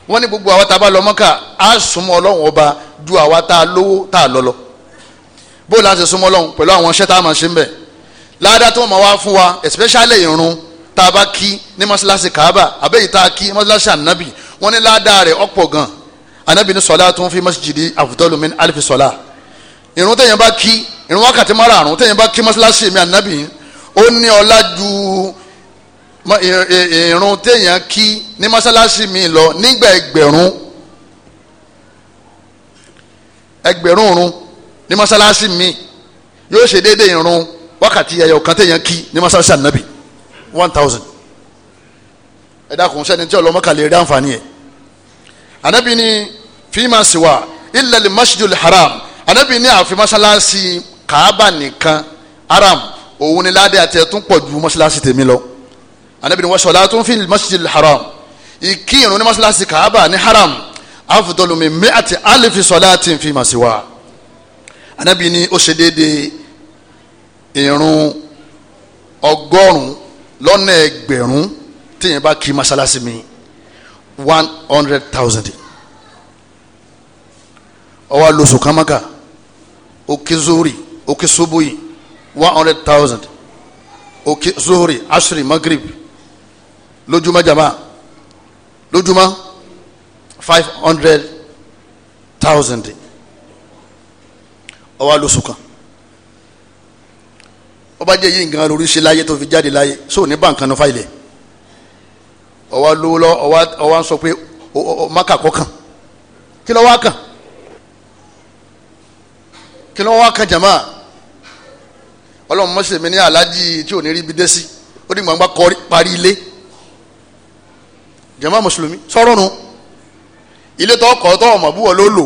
wọ́n ní gbogbo àwa tá a bá lọ mọ́kà á súnmọ́ ọlọ́run ọba ju àwa tá a lówó tá a lọ́lọ́ bó o láti súnmọ́ ọlọ́run pẹ̀lú àwọn iṣẹ́ tá ṣe ń bẹ̀ ládàá tó máa wá fún wa especially irun tá a bá kí ní mọ́ṣáláṣí kaaba àbẹ́yìí tá a kí mọ́ṣáláṣí ànábì wọ́n ní ládàá rẹ̀ ọ̀pọ̀ ìrun e, e, e, téèyàn kí ní mọ́sálásí mi lọ nígbà ẹgbẹ̀rún ẹgbẹ̀rún òrun ní mọ́sálásí mi yóò ṣe déédéé ìrun wákàtí ẹyọ kan téèyàn kí ní mọ́sálásí ànábì one thousand ẹ dákun sẹ́ni tí ọlọ́mọkàlẹ̀ rí àǹfààní ẹ̀ ànábì ní fíìmà síwá ilẹ̀ masjidul haram ànábì ní àfi mọ́sálásí kàábà nìkan haram òun ni ládé àti ẹ̀tún pọ̀ ju mọ́sálásí tèmi lọ anabi ni wa salatun fil masjidil haram ìkírun ní masalasi kaaba ní haram afdalu min mi'ati alifi salatin fi ma siwa anabi ni ó ṣe déédéé irun ọgọ́rùn lọ́nà ẹgbẹ̀rún tíyẹn bá kí masalasi mi one hundred thousand ó wá lóṣù kamaka ó kí zuri ó one hundred thousand ó kí zuri asiri magrib lójúmọ́ jama lójúmọ́ five hundred thousand ó wá lóṣù kan ó bá jẹ́ yìí nǹkan lórí ṣe láyé tó fi jáde láyé sóò ní báǹkan ní fáìlẹ̀ ó wá lówó lọ ó sọ pé maka kọ̀ọ̀kan kí ló kàn kí ló kàn jama ọlọ́run mọ́sẹ̀ mi ní aláàjì tí ò ní rí ibi dé sí ó ní gbàgbà kọ́ parí ilé. jàmá mùsùlùmí sọrọ nu ilé tó kọ́ tó ọmọ búwọ̀ ló lò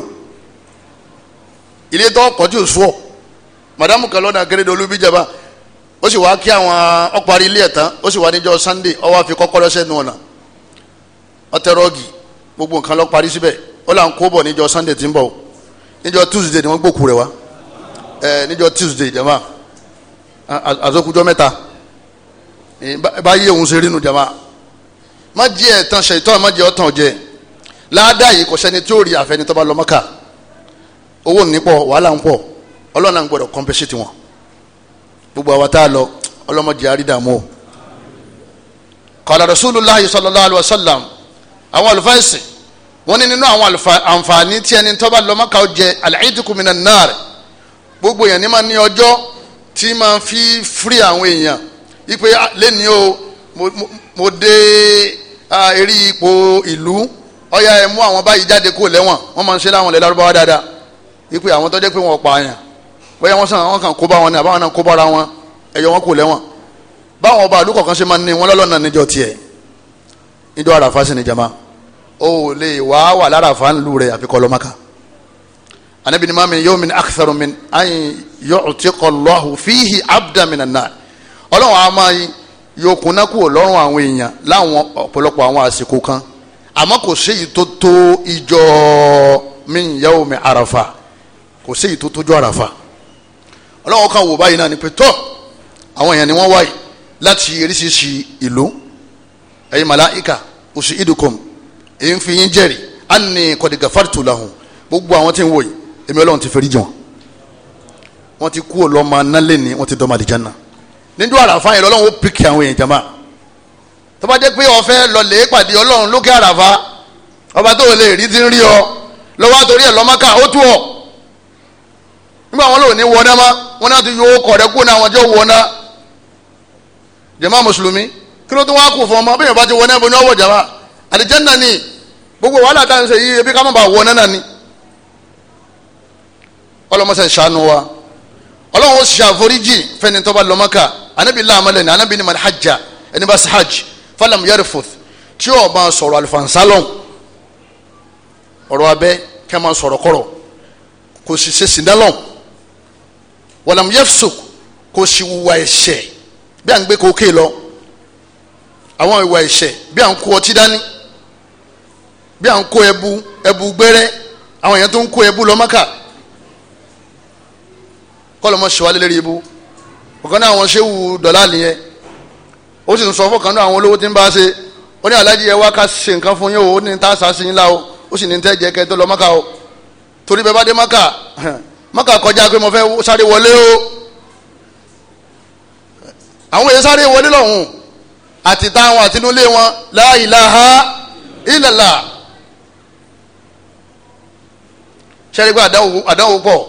ilé tó kọ́ tí ò sùọ́ madamu kalona akérèdọ́lù bí jaba ó sì wá kí àwọn ọparí ilé ẹ̀ tán ó sì wá níjọ́ Sunday ó wá fi kọ́kọ́rọ́ sẹ́nu ọ̀nà ọtẹrọ́gì gbogbo nǹkan lọ parí síbẹ̀ ó là ń kó bọ̀ níjọ́ Sunday tí ń bọ̀ o níjọ́ Tuesday ni wọ́n gbòkú rẹ̀ wá ẹ níjọ́ Tuesday jama àzọkùjọ́ mẹ́ta báyé òun ṣe rí nu jama má jẹ́ ẹ̀tàn ṣètọ́ má jẹ́ ọ̀tàn jẹ láàdá yìí kò sẹ́ni tí ó rí àfẹ́ni tó bá lọ mọ́kà owó nípọ̀ wàhálà ń pọ̀ ọlọ́run náà gbọ́dọ̀ compensate wọn gbogbo àwa tá a lọ ọlọ́mọdé àrídàmú o kọ́lá rasulillah sallallahu alayhi sallam àwọn àlùfáà ẹ̀sìn wọ́n ní nínú àwọn àǹfààní tí ẹni tó bá lọ mọ́kà ó jẹ al-itku minan free àwọn èèyàn ipe ah, lẹ́ni o erí ipò ìlú ọyá ẹ mú àwọn báyìí jáde kó lẹ́wọ̀n wọ́n máa ń ṣe láwọn ilẹ̀ lárúbáwá dáadáa ipe àwọn tó jẹ́ pé wọn ò pààyàn bóyá wọ́n sàn àwọn kan kó bá wọn ní àbáwọn náà kó bára wọn ẹ̀yọ wọn kó lẹ́wọ̀n báwọn ọba àlùkò kan ṣe máa ń ní wọn lọ́lọ́nà níjọ tiẹ̀ níjọ àràfà sí ni jama o lè wá wà lára àfà ń lù rẹ̀ lọ́mọ́ka anabi ni yóò kunná kúrò lọ́rùn àwọn èèyàn láwọn ọ̀pọ̀lọpọ̀ àwọn àsìkò kan àmọ́ kò séyìí tó tó ìjọ min yawmi àràfà kò séyìí tó tójú àràfà ọlọ́wọ́ kan wò báyìí náà ni pé tọ́ àwọn èèyàn ni wọ́n wáyìí láti eréṣiṣi ìlú ẹ̀yin màláìka oṣù idukom èyí ń fi yín jẹ́rìí á ní kọ̀dí gàfárìtù làhùn gbogbo àwọn tí ń wò yìí èmi ọlọ́run ti fẹ́rí jẹ wọ́n ti kú ọlọ́mọ nálẹ́ ni wọ́n ti dọ́mọ àlìjáná náà níjọ́ àràfà yẹn lọ́lọ́run ó pìkì àwọn èèyàn jàmá tó jẹ́ pé o fẹ́ lọ lè pàdé ọlọ́run lókè àràfà ọba tó lè rí ti ń rí ọ lọ́wọ́ àtòrí ẹ̀ lọ́mọ́ká ó tú ọ nígbà wọn lò ní wọná má wọn náà ti yọ ọkọ rẹ kó náà wọn jẹ́ wọná jàmá mùsùlùmí kí ló tún wá kù fún ọmọ bí yẹn bá ti wọná ẹ̀ bọ́ ní ọwọ́ jàmá àlìjẹ́nà ni gbogbo wàhálà tá à ń ṣe yí ebi ká má bàa wọná náà ọlọ́run ó ṣàforíjì fẹ́ni tó lọ́mọ́ká anabi laamalẹ ni anabi ni man hajja ẹni bá ṣe hajj falam yarifut tí o máa sọ̀rọ̀ alifansalọn ọ̀rọ̀ abẹ́ kẹ máa sọ̀rọ̀ kọ̀rọ̀ kò sì ṣe sindalọn walam yafsuk kò sì wùwà ẹ̀ṣẹ̀ bí à ń gbé kókè lọ àwọn ìwà ẹ̀ṣẹ̀ bí à ń kó ọtí dání bí à ń kó ẹbu ẹbu gbẹrẹ àwọn èèyàn tó ń kó ẹbu lọ Mákà kọlọmọ ṣèwálé lérí ibu ọ̀kan náà àwọn ṣéwù dọ̀là nìyẹn ó sì ń sọ fọ́kàn náà àwọn olówó tí ń bá ṣe ó ní alájí ẹ wá ká ṣe nǹkan fún yín o ó ní tá a sá sí yín lá o ó sì ní tẹ́ jẹ́ kẹ́ lọ mọ́kà o torí bẹ́ẹ̀ bá dé mọ́kà mọ́kà kọjá pé mo fẹ́ sáré wọlé o àwọn èèyàn sáré wọlé lọ́hùn àti táwọn àtinúlé wọn la ilaha illallah ṣẹ́rí pé àdánwò pọ̀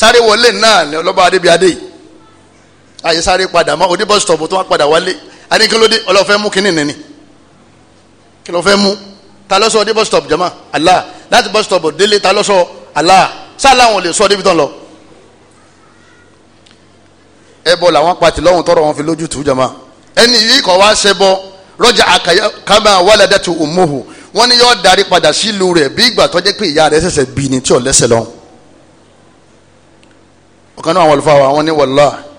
sáré wọlé náà lọ́ba adébíadé yìí àyè sáré padà mọ́ òde bọ́sì tọ̀bù tó wá padà wálé àní kí ló dé ọlọ́fẹ́ mú kínní nìní kí ló fẹ́ mú ta lọ́sọ òde bọ́sì jama Allah láti bọ́sì tọ̀bù délé ta lọ́sọ Allah sáà láwọn ò lè sọ débi tán lọ. ẹ bọ làwọn pati lọ́hùn tọrọ wọn fi lójú tù jama ẹni yìí kọ́ wá ṣẹ bọ rọ́jà àkàmà wàládàtú ummuhu wọ́n ní yóò darí padà sílùú rẹ̀ bí ìgbà tó jẹ́ pé ìyá rẹ̀ ṣẹ̀ṣẹ̀ bí tí ò lẹ́sẹ̀ lọ́hùn ọ̀kan náà àwọn wa wọ́n ní wàlláhì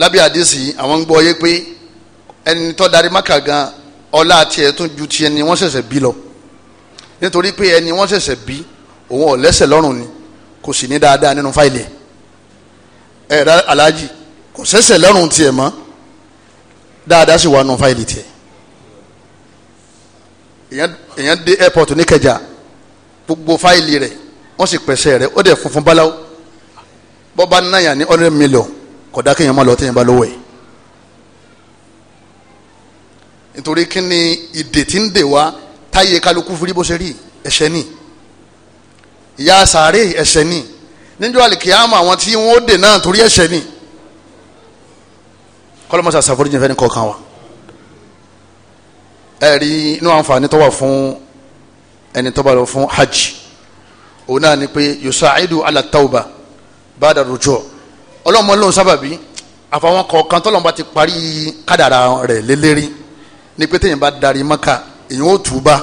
lábẹ́ àdìsí àwọn ń gbọ́ yé pé ẹni tó darí maka gan ọlá tiẹ̀ tún ju tiẹ̀ ni wọ́n ṣẹ̀ṣẹ̀ bí lọ nítorí pé ẹni wọ́n ṣẹ̀ṣẹ̀ bí òun ò lẹ́sẹ̀ lọ́rùn ni kò sì ní dáadáa nínú fáìlì ẹ̀ ẹ̀rá aláàjì kò ṣẹ̀ṣẹ̀ lọ́rùn tiẹ̀ mọ́ dáadáa sì wà nínú fáìlì tiẹ̀ èèyàn dé airport ní kẹjà gbogbo fáìlì rẹ̀ wọ́n sì pèsè rẹ̀ ó dẹ̀ funfun báláwo bọ́ba náyà ní hundred million kódà kéèyàn má lọ téèyàn bá lówó ẹ̀ nítorí kí ni ìdè tí ń dè wá táyé kálukú fúri bó ṣe rí ẹ̀ṣẹ̀ ni ìyà sàárè ẹ̀ṣẹ̀ ni níjọ́ àlìkìyàmọ̀ àwọn tí wọ́n ó dè náà torí ẹ̀ṣẹ̀ ni kọ́lọ́mọ́sà ṣàforíjì fẹ́ni kọ̀ọ̀kan wa ẹ̀rí inú àǹfààní tó wà fún ẹni tó bá lọ fún hajj òun náà ni pé yusaidu ala tauba bada rujo ọlọ́mọ lóun sábàbí àfàwọn kọ̀ọ̀kan tọ́lọ́mọba ti parí kádàrà rẹ̀ lélẹ́rí ní pé téèyàn bá darí mọ́kà èyàn ó tù ú bá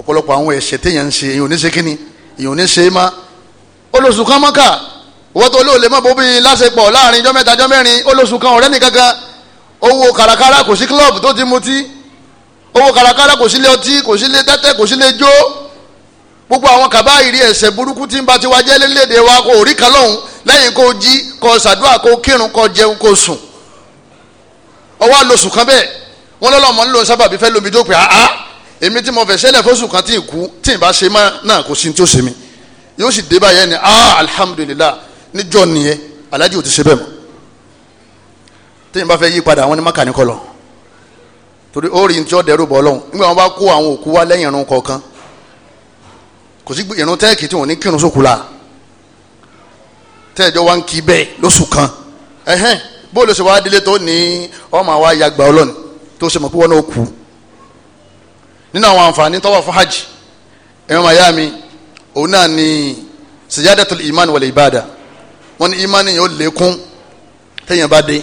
ọ̀pọ̀lọpọ̀ àwọn ẹ̀ṣẹ̀ téèyàn ń ṣe èyàn ò ní ṣe kíni èyàn ò ní ṣe é má olóṣù kan mọ́kà owó tó lóò lè mọ́ bóbi lásìpọ̀ láàrin ijọ́ mẹ́ta ijọ́ mẹ́rin olóṣù kan ọ̀rẹ́ nìkankan owó kàràkàrà kò sí club tó ti mutí owó kàràkàrà kò sí ilé ọtí kò sí ilé tẹ́tẹ́ kò sí ilé jó gbogbo àwọn kaba ìrí ẹ̀ṣẹ̀ burúkú tí ń bá ti wájẹ́ lélédè wa kò rí kan lọ́hùn lẹ́yìn kó jí kó ṣàdúrà kó kírun kó jẹun kó sùn ọwọ́ àlòsùn kan bẹ́ẹ̀ wọ́n lọ́lọ́mọ ńlò sábàbí fẹ́ lómi tó pè á á èmi tí mo fẹ́ ṣẹlẹ̀ fóṣù kan tí ì kú tí ì bá ṣe má náà kò sí tí ó ṣe mi yóò sì dé báyẹn ni ah alhamdulilah níjọ nìyẹn alájí ò ti ṣe bẹ́ẹ̀ mọ́ tí ì bá fẹ́ yí padà àwọn ní má kà ní kọlọ̀ torí ó rí ní tí ó dẹrù bọ́ lọ́hùn kò sí ìrun tẹ́ẹ̀kì tí wọ́n ní kírun sókù la tẹ́ẹ̀jọ́ wa ń kí bẹ́ẹ̀ lóṣù kan ẹ̀hẹ́n bó ló ṣe wá délé tó ní ọmọ àwa yàgbà ọlọ́ni tó ṣe mọ̀ pé wọ́n náà kú nínú àwọn àǹfààní tó fún hajj ẹ̀rọ màyá mi òun náà ni siyadatul iman wal ibada wọn ní imani yóò lékún téèyàn bá dé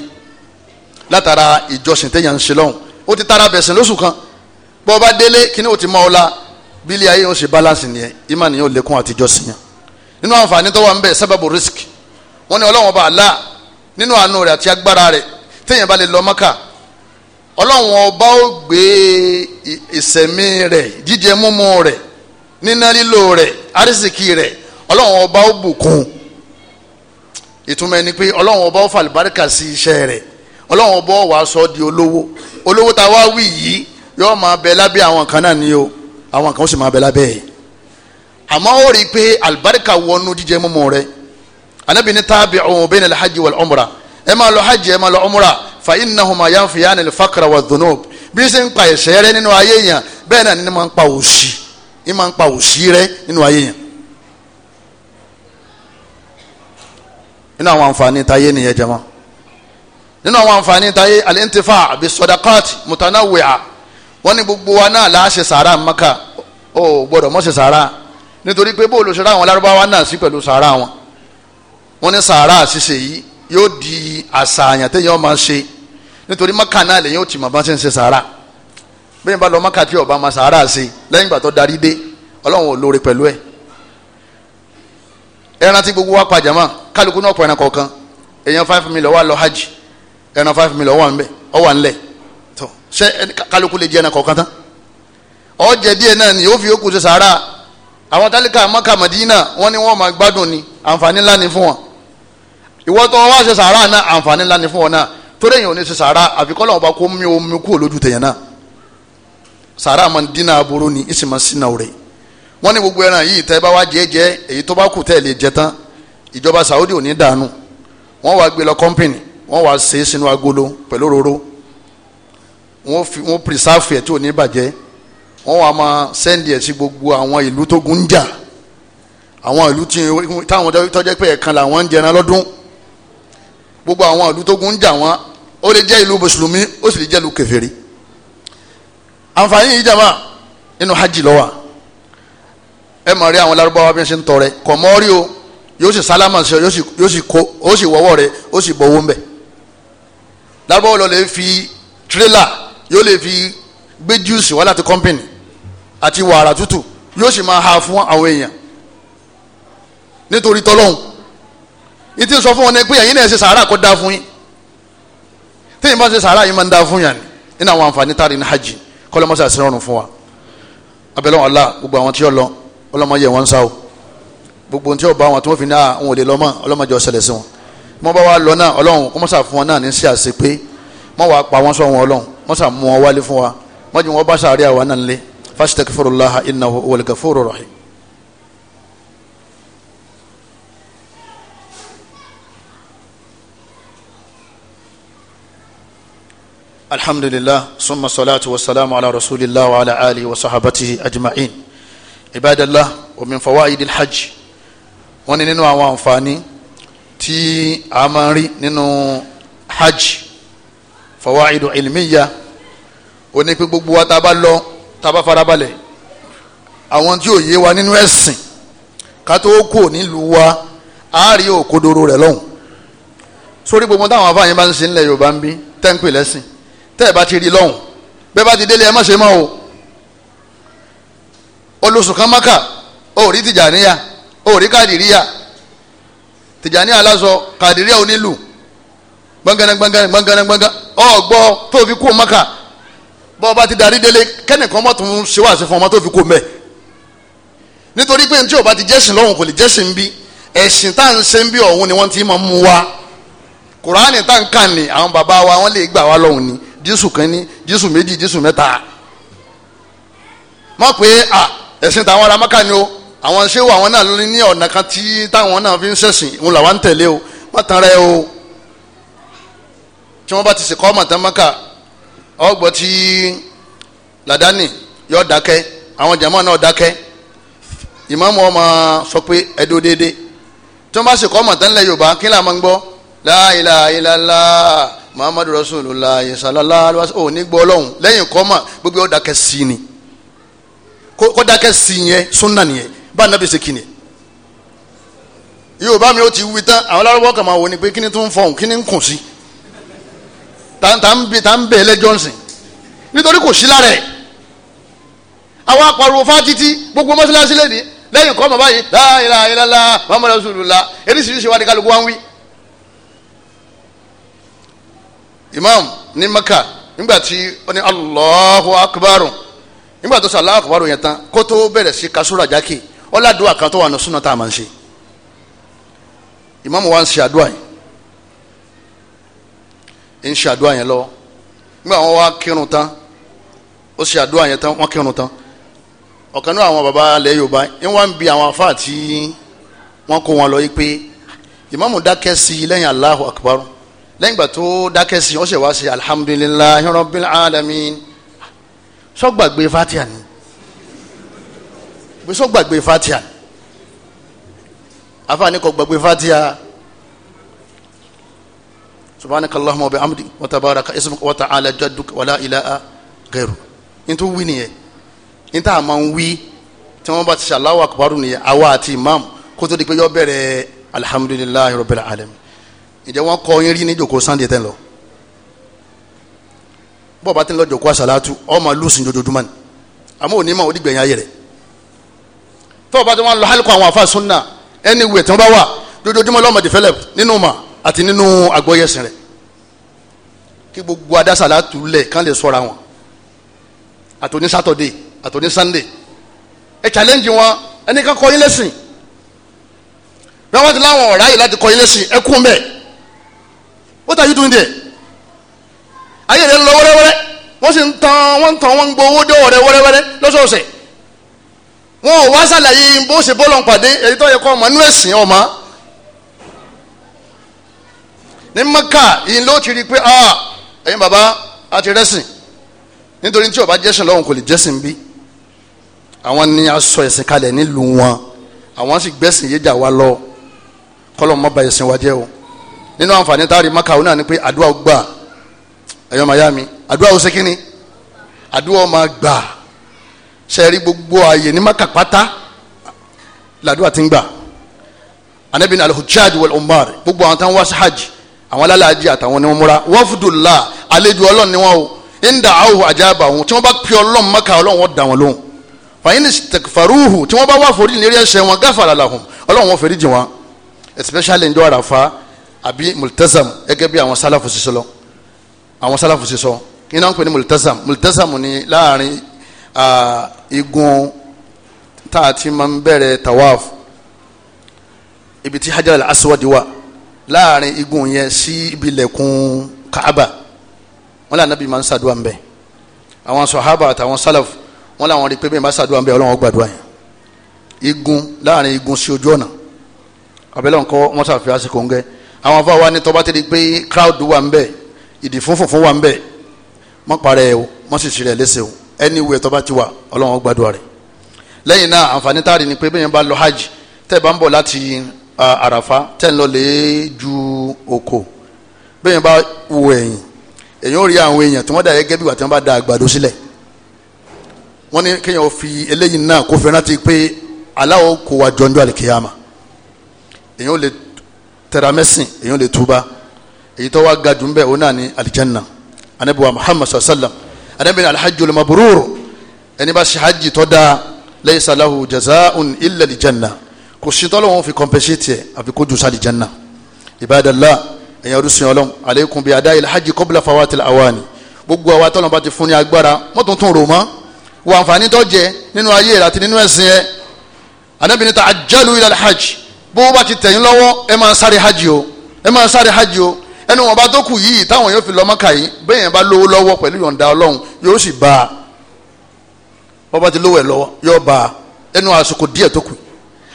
látara ìjọsìn téèyàn ń ṣe lọ́hùn ó ti tara bẹ̀sìn lóṣù kan bọ́ ọ bá délé kí ni ó ti mọ́ ọ la bílí ayé yóò ṣe balance nìyẹn ìmánì yóò lékún àtijọ́ sí yẹn nínú àǹfààní tó wà ń bẹ sábàbù risk wọn ni ọlọ́wọ́n bá Allah nínú àánú rẹ̀ àti agbára rẹ̀ téèyàn bá lè lọ Mọ́kà ọlọ́wọ́n ọba ó gbé ìsẹ̀mí rẹ̀ jíjẹ múmu rẹ̀ níná lílo rẹ̀ arísìkì rẹ̀ ọlọ́wọ́n ọba ó bùkún ìtumọ̀ ẹni pé ọlọ́wọ́n ọba ó fàlùbáríkà sí iṣẹ́ rẹ̀ ọlọ́wọ́n ọba ó wàá di olówó olówó tá wá wí yìí yóò máa bẹ lábẹ́ àwọn kan náà ni o àwọn kan ó sì máa bẹ lábẹ́ ẹ̀ àmọ́ ó rí i pé alibarika wọnú jíjẹ mímu rẹ anabi ní tabi'u bayna alhajj wal umra ẹ máa lọ hajj ẹ máa lọ umra fa innahuma yanfiyani alfaqra wa dhunub bí ṣe ń pa ẹ̀ṣẹ̀ rẹ nínú ayé yẹn bẹ́ẹ̀ náà ni máa ń pa òṣì ni máa ń pa òṣì rẹ nínú ayé yẹn. nínú àwọn àǹfààní táyé nìyẹn jama nínú àwọn àǹfààní táyé al-intifa' bis-sadaqat mutanawwi'a wọ́n ní gbogbo wa náà là á ṣe sàárà maka ó gbọ́dọ̀ mọ́ ṣe sàárà nítorí pé bó olùṣọ́ra àwọn lárúbáwá náà sí pẹ̀lú sàárà wọn wọ́n ní sàárà ṣíṣe yìí yóò di àṣàyàn téèyàn máa ṣe nítorí maka náà lèyìn ó ti mọ̀ bá ṣe ń ṣe sàárà bẹ́ẹ̀ bá lọ maka tí ọba máa sàárà ṣe lẹ́yìn ìgbà tó darí dé ọlọ́run ò lóore pẹ̀lú ẹ̀ ẹran tí gbogbo wa pàjá mọ́ kálukú náà pọ̀ ẹran kọ̀ọ̀kan èèyàn five million wà lọ hajj ẹran five million wà ń bẹ̀ ọ wà ń lẹ̀ tọ ṣe kálukú lè jẹ ẹnà kọ̀ọ̀kan tán ọ̀jẹ̀ díẹ̀ náà ni ó fi yókù ṣe sàárà àwọn tálíkà Mákà Mádínà wọ́n ní wọ́n máa gbádùn ni àǹfààní ńlá ni fún wọn ìwọ tó wá ṣe sàárà náà àǹfààní ńlá ni fún wọn náà torí èèyàn ò ní ṣe sàárà àfikọ́ làwọn bá kó mi omi kúrò lójú tẹ̀yàn náà sàárà máa ń dínà aburú ni ìsì máa ń sínà òrè wọ́n ní gbogbo ẹran yìí tẹ́ bá wá jẹ́ jẹ́ èyí tó bá kù tẹ́ lè jẹ tán ìjọba Saudi ò ní dànù wọ́n wá gbé lọ kọ́ńpìnì wọ́n wá ṣe é sínú agolo pẹ̀lú òróró wọ́n fi wọ́n pírísàfù ẹ̀ tí ò ní bàjẹ́ wọ́n wà máa sẹ́ndì ẹ̀ sí gbogbo àwọn ìlú tó gún jà àwọn ìlú táwọn tọ́jẹ́ pé ẹ̀kan làwọn ń jẹran lọ́dún gbogbo àwọn ìlú tó gún jà wọn ó lè jẹ́ ìlú mùsùlùmí ó sì lè jẹ́ ìlú kèfèrí àǹfààní yìí jàmá nínú hajj lọ́wọ́ ẹ mọ̀ rí àwọn lárúbáwá bí wọ́n ṣe ń tọrẹ kọ̀ mọ́ rí o yóò sì sálámà sí ọ yóò sì kó ó sì wọ́wọ́ rẹ ó sì bọ̀wọ́ ń bẹ̀ lárúbáwá lọ lè fi tírélà yóò lè fi gbé juice wá láti company àti wàrà tútù yóò sì máa ha fún àwọn èèyàn nítorí tọ́lọ́hún ní tí ń sọ fún wọn ni pé ẹ̀yin náà ṣe sàárà kó dáa fún yín téèyàn bá ṣe sàárà yìí máa ń dáa fún yàn nínú àwọn àǹfààní tààrí ní hajj kọ́lọ́mọ́sá sí rọrùn fún wa abẹ́lẹ́ Allah gbogbo àwọn tí yóò lọ ọlọ́mọ yẹ wọ́n sá o gbogbo ohun tí yóò bá wọn tí wọ́n fi ní àwọn ah, òde lọ́mọ ọlọ́mọdé ọ̀sẹ̀lẹ̀ sí wọn mọ́ bá wa lọ náà ọlọ́run kọ́mọ́sá fún wọn náà ní sí àṣepé mọ́ wàá pa wọ́n sọ wọn ọlọ́run mọ́sà mú wọn wálé fún wa mọ́jú wọn bá sàárẹ̀ àwa náà lé fastaghfirullaha innahu huwal ghafurur rahim. alhamdulillah summa salatu wa salamu ala rasulillah wa ala alihi wa sahabatihi ajma'in ibadallah wa min fawaidil hajj wọ́n ní nínú àwọn àǹfààní tí a hajj fawaidu ilmiya ó ní pé gbogbo wa tá a bá lọ tá a bá farabalẹ̀ àwọn tí ò yé wa nínú ẹ̀sìn ká tó kù nílùú wa á rí òkodoro rẹ̀ lọ́hùn sórí gbogbo táwọn afáàyàn bá ń ṣe ńlẹ̀ yorùbá ń bí tẹ́ ń pè lẹ́sìn tẹ́ ẹ̀ bá ti rí lọ́hùn bẹ́ẹ̀ bá ti délé ẹ má ṣe mọ́ o olóṣù kan mọ́kà ó rí tìjàníyà ó rí kàdìríyà tìjàníyà lásọ kàdìríyà onílù gbangana gbangana gbangana gbangana ọgbọ tó fi kú maka bọ́ ọba ti darí délé kẹ́nìkan mọ́ tún ṣe wá sí fún ọmọ tó fi kú mẹ́ nítorí pé tí ọba ti jẹ́sìn lọ́hùn kò lè jẹ́sìn bí ẹ̀sìn tá à ń ṣe ń bí ọ̀hún ni wọ́n ti máa mú wa kùránì tá à ń kà ní àwọn bàbá wa wọ́n lè gbà wá lọ́hùn ni jésù kan ní jésù méjì jésù mẹ́ta mọ̀ pé à ẹ̀sìn táwọn ará maka ni o àwọn ṣé wà wọn náà lórí ní ọ̀nà kan tí táwọn náà fi ń ṣẹ̀sìn òun làwọn ń tẹ̀lé o má tan rẹ o tí wọ́n bá ti sèkọ́ ọmọ tán mọ́kà ọgbọ́n tí làdáni yọ dákẹ́ àwọn jàmọ́ náà dákẹ́ ìmáàmù ọmọ sọ pé ẹdó déédéé tí wọ́n bá sèkọ́ ọmọ tán lẹ̀ yorùbá kí là máa ń gbọ́ láìlà ìlàlá muhammadu rasulullah sallallahu alaihi wasallam ò ní gbọ́ ọlọ́run lẹ́yìn kọ́mà gbogbo ọ̀ dákẹ́ sí ni kó dákẹ́ sí yẹn súnà nìyẹn bá a nàbẹ̀ ṣe kìnìyẹn yorùbá mi ó ti wí tán àwọn alárúbọ kàmá wo ni tá ń bẹ̀ ẹlẹ́jọ́ ń sìn nítorí kò sí lára ẹ̀ àwọn apariwo fátítí gbogbo mọ́sálásí lẹ́ni lẹ́yìn kọ́ mọ̀ báyìí la ilaha illallah muhammadu rasulullah eríṣiríṣi wa ni kálukú wa ń wí. imam ní maka nígbà tí ó ní allahu akbaru nígbà tó sọ allahu akbaru yẹn tán kó tó bẹ̀rẹ̀ sí kasúrà jákè ọ̀làdúrà kan tó wà ní súnà tá a máa ń ṣe imam wa ń ṣe àdúrà yìí ń ṣàdúrà yẹn lọ nígbà wọn wá kírun tán ó ṣe àdúrà yẹn tán wọn kírun tán ọ̀kan náà àwọn baba alẹ́ yorùbá ń wá ń bi àwọn afa àti wọn kó wọn lọ yìí pé ìmáàmù dákẹ́ sí i lẹ́yìn Allahu akbar lẹ́yìn ìgbà tó dákẹ́ sí i wọ́n ṣe wá sí alhamdulillahi rabbil alamin sọ́gbàgbé fatia ni bí sọ́gbàgbé fatia afa ni kò gbàgbé fatia subhanaka allahumma wa bihamdi wa tabaraka ismuka wa ta'ala jadduka wa la ilaha ghairuka n tó wí nìyẹn n tá a máa ń wí tí wọ́n bá ti ṣàláwọ̀ àkùbárù nìyẹn àwa àti imam kó tó di pé yọ bẹ̀rẹ̀ alhamdulillahi rabbil alamin ìjẹ́ wọ́n kọ́ yín rí ní jòkó sunday tẹ́ lọ bọ́ bá ti ń lọ jòkó àṣàlátú ọmọ lùsìn jojoojúmọ́ ni àmọ́ òní máa ó dìgbẹ̀yìn ayé rẹ̀ tọ́ bá ti wọ́n lọ hálùkọ́ àwọn àfa sunna ẹni wẹ̀ tí wọ́n bá wà jojoojúmọ́ lọ́mọdé fẹ́lẹ̀ nínú mà àti nínú àgbọ́yẹ̀sìn rẹ̀ kí gbogbo adásàlá túlẹ̀ kán lè sọ́ra wọn àtòní sátọ̀dé àtòní sànńdé ẹ challenge wọn ẹni kan kọ́ yín lẹ́sìn bí wọ́n ti láwọn ọ̀rá yìí láti kọ́ yín lẹ́sìn ẹ kún bẹ́ẹ̀ what are you doing there ayé rẹ̀ ń lọ wẹ́rẹ́wẹ́rẹ́ wọ́n sì ń tan wọ́n ń tan wọ́n ń gbowó dọ́wọ́ rẹ̀ wẹ́rẹ́wẹ́rẹ́ lọ́sọ̀ọ̀sẹ̀ wọn ò wá sàlàyé bó ṣe bọ́lọ̀ pàdé èyí tó yẹ kọ́ ọmọ nínú ẹ̀sìn ọmọ ní maka yìí ló ti rí pé ah ẹ̀yin baba a ti rẹ́sìn nítorí tí ó bá jẹ́sìn lọ́hùn kò lè jẹ́sìn bí àwọn ni a sọ ẹ̀sìn kalẹ̀ nílùú wọn àwọn sì gbẹ́sìn yéjà wa lọ kọ́lọ́ mọ́ ba ẹ̀sìn wa jẹ́ o nínú àǹfààní tá a rí maka òun náà ni pé àdúrà gbà ẹ̀yọ́ màyá mi àdúrà ó ṣe kí ni àdúrà ó máa gbà sẹ́ẹ̀rí gbogbo ààyè ní maka pátá làdúrà ti ń gbà anabi ní alhujjaj wal gbogbo àwọn táwọn wá sí hajj àwọn alálàájì àtàwọn ni wọ́n múra wọ́fùdùlà àlejò ọlọ́run ni wọ́n o ìndà àwọ̀ àjábà wọn tí wọ́n bá pe ọlọ́run mọ́ka ọlọ́run wọ́n dà wọn lóhùn fàyínì faruhu tí wọ́n bá wà forí lérí ẹ̀ṣẹ̀ wọn gáfàrà làhùn ọlọ́run wọn fèrè jì wọn especially ndó àràfà àbí multazam gẹ́gẹ́ bí àwọn sálàfù sísọ lọ àwọn sálàfù sísọ iná ń pè ní multazam multazam ni láàrin igun tá a ti máa ń bẹ̀rẹ̀ tawaf ibi tí hajar al-aswad wà láàrin igun yẹn sí ibi kaaba wọn lànà bí ma ń ṣàdúrà ń bẹ àwọn sọ̀hábà àtàwọn sálàf wọn làwọn rí pé bí ma ṣàdúrà ń bẹ ọlọ́wọ́n gbàdúrà yẹn igun láàrin igun sí ojú ọ̀nà abẹ́lẹ́ nǹkan wọn ṣàfihàn àsìkò ń gẹ́ àwọn afọ àwa ni tọ́ba ti di pé crowd wà ń bẹ ìdì funfun fún wà ń bẹ mọ́ parẹ́ o mọ́ sì ṣẹlẹ̀ léṣe o anywhere tọ́ba ti wà ọlọ́wọ́n gbàdúrà rẹ̀ lẹ́yìn náà àǹfààní táàrí ni pé bẹ́ẹ̀ yẹn bá lọ hajj tẹ́ẹ̀ bá ń bọ̀ láti àràfá tẹ́ńlọ́lẹ̀ ju oko bẹ́ẹ̀ bá wo ẹ̀yìn èyàn ò rí àwọn èèyàn tí wọ́n dà gẹ́gẹ́ bí wà tí wọ́n bá da àgbàdo sílẹ̀ wọ́n ní kéèyàn fi eléyìí náà kó fẹ́ràn ti pé aláwọ̀ kò wá jọ̀ǹdọ̀ àlìkéyàmà èyàn ò lè tẹramẹ́sìn èyàn ò lè túbà èyí tó wá ga jù ń òun náà ní alijanna anabi wa sallam anabi ní alhajjul ẹni bá ṣe tó dáa laysa lahu jazaa'un illa alijanna kò sí tọ́lọ́wọ́n fi compensate ẹ̀ àfi kó jù sáàlì janna ibadallah ẹ̀yàn orísun ọlọ́run aleikum bi adá ilẹ̀ hajj kọ́bùlà fawati awani gbogbo àwa tọ́lọ́wọ́n bá ti fún ní agbára mọ́tò tún rò mọ́ wọ àǹfààní tó jẹ nínú ayé rẹ àti nínú ẹ̀sìn ẹ anábìrin ta àjálù ilẹ̀ hajj bó bá ti tẹ̀yìn lọ́wọ́ ẹ máa sáré hajj o ẹ máa sáré hajj o ẹnu wọn bá tó kù yìí táwọn yóò fi lọ Mákà yìí bẹ́ẹ̀ yẹn bá lówó lọ́wọ́ pẹ̀lú yọ̀ǹda ọlọ́run yóò sì bá a ti lówó ẹ̀ lọ́wọ́ yóò bá a ẹnu àsìkò díẹ̀ tó kù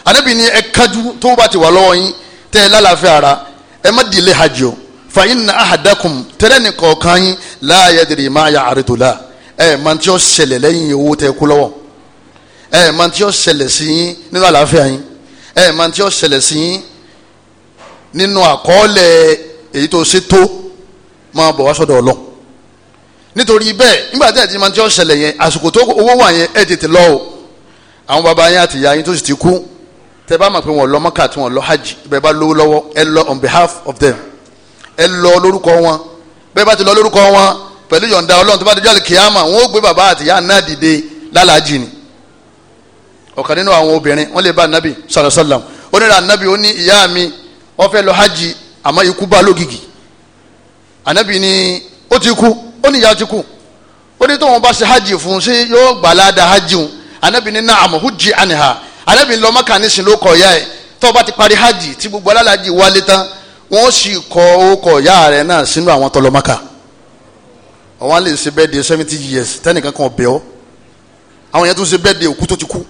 anabi ni ẹ kájú tó bá ti wà lọ́wọ́ yín tẹ́ ẹ lálàáfíà ara ẹ má dìlé hajj fa inna ahadakum tẹ́lẹ̀ ní kọ̀ọ̀kan yín la yadri ma ya'ridu la ẹ máa tí ó ṣẹlẹ̀ lẹ́yìn owó tẹ́ kú lọ́wọ́ ẹ máa tí ó ṣẹlẹ̀ sí yín nínú àlàáfíà yín ẹ máa tí ó ṣẹlẹ̀ sí yín nínú àkọọ́lẹ̀ èyí tó ṣe tó máa bọ̀ wá sọ́dọ̀ ọlọ́ nítorí bẹ́ẹ̀ nígbà tí ẹ ti máa tí ó ṣẹlẹ̀ yẹn àsìkò tó owó wà yẹn ẹ tètè lọ o àwọn baba yín àtìyá yín tó sì ti kú tẹ bá mọ̀ pé wọn lọ mọ́kà tí wọn lọ hajj bẹ́ẹ̀ bá lówó lọ́wọ́ ẹ lọ on behalf of them ẹ lọ lórúkọ wọn bẹ́ẹ̀ bá ti lọ lórúkọ wọn pẹ̀lú yọ̀ǹda ọlọ́run tó bá dé jáde kìámà wọn ó gbé bàbá àtìyá náà dìde lálàájì ni ọ̀kan nínú àwọn obìnrin wọ́n lè bá anabi sọ̀rọ̀ sọ̀làm ó ní anabi ó ní ìyá mi wọ́n fẹ́ lọ hajj àmọ́ ikú bá lógìgì anabi ni ó ti kú ó ní ìyá ti kú ó ní tóun bá ṣe hajj fún un ṣé yóò gbà ládàá hajj un anabi ní na'am hujji anha alẹ́bí ń lọ mọ́kà nísìn ló kọ̀ ọ̀yá ẹ̀ tó o bá ti parí hajj tí gbogbo alálàájì wálé tán wọ́n sì kọ orúkọ ọ̀yá rẹ̀ náà sínú àwọn tó àwọn lè ṣe bẹ́ẹ̀ de seventy years tẹ́nìkan kan ọ̀bẹ̀ ọ́ àwọn yẹn tún ṣe bẹ́ẹ̀ de òkú tó ti kú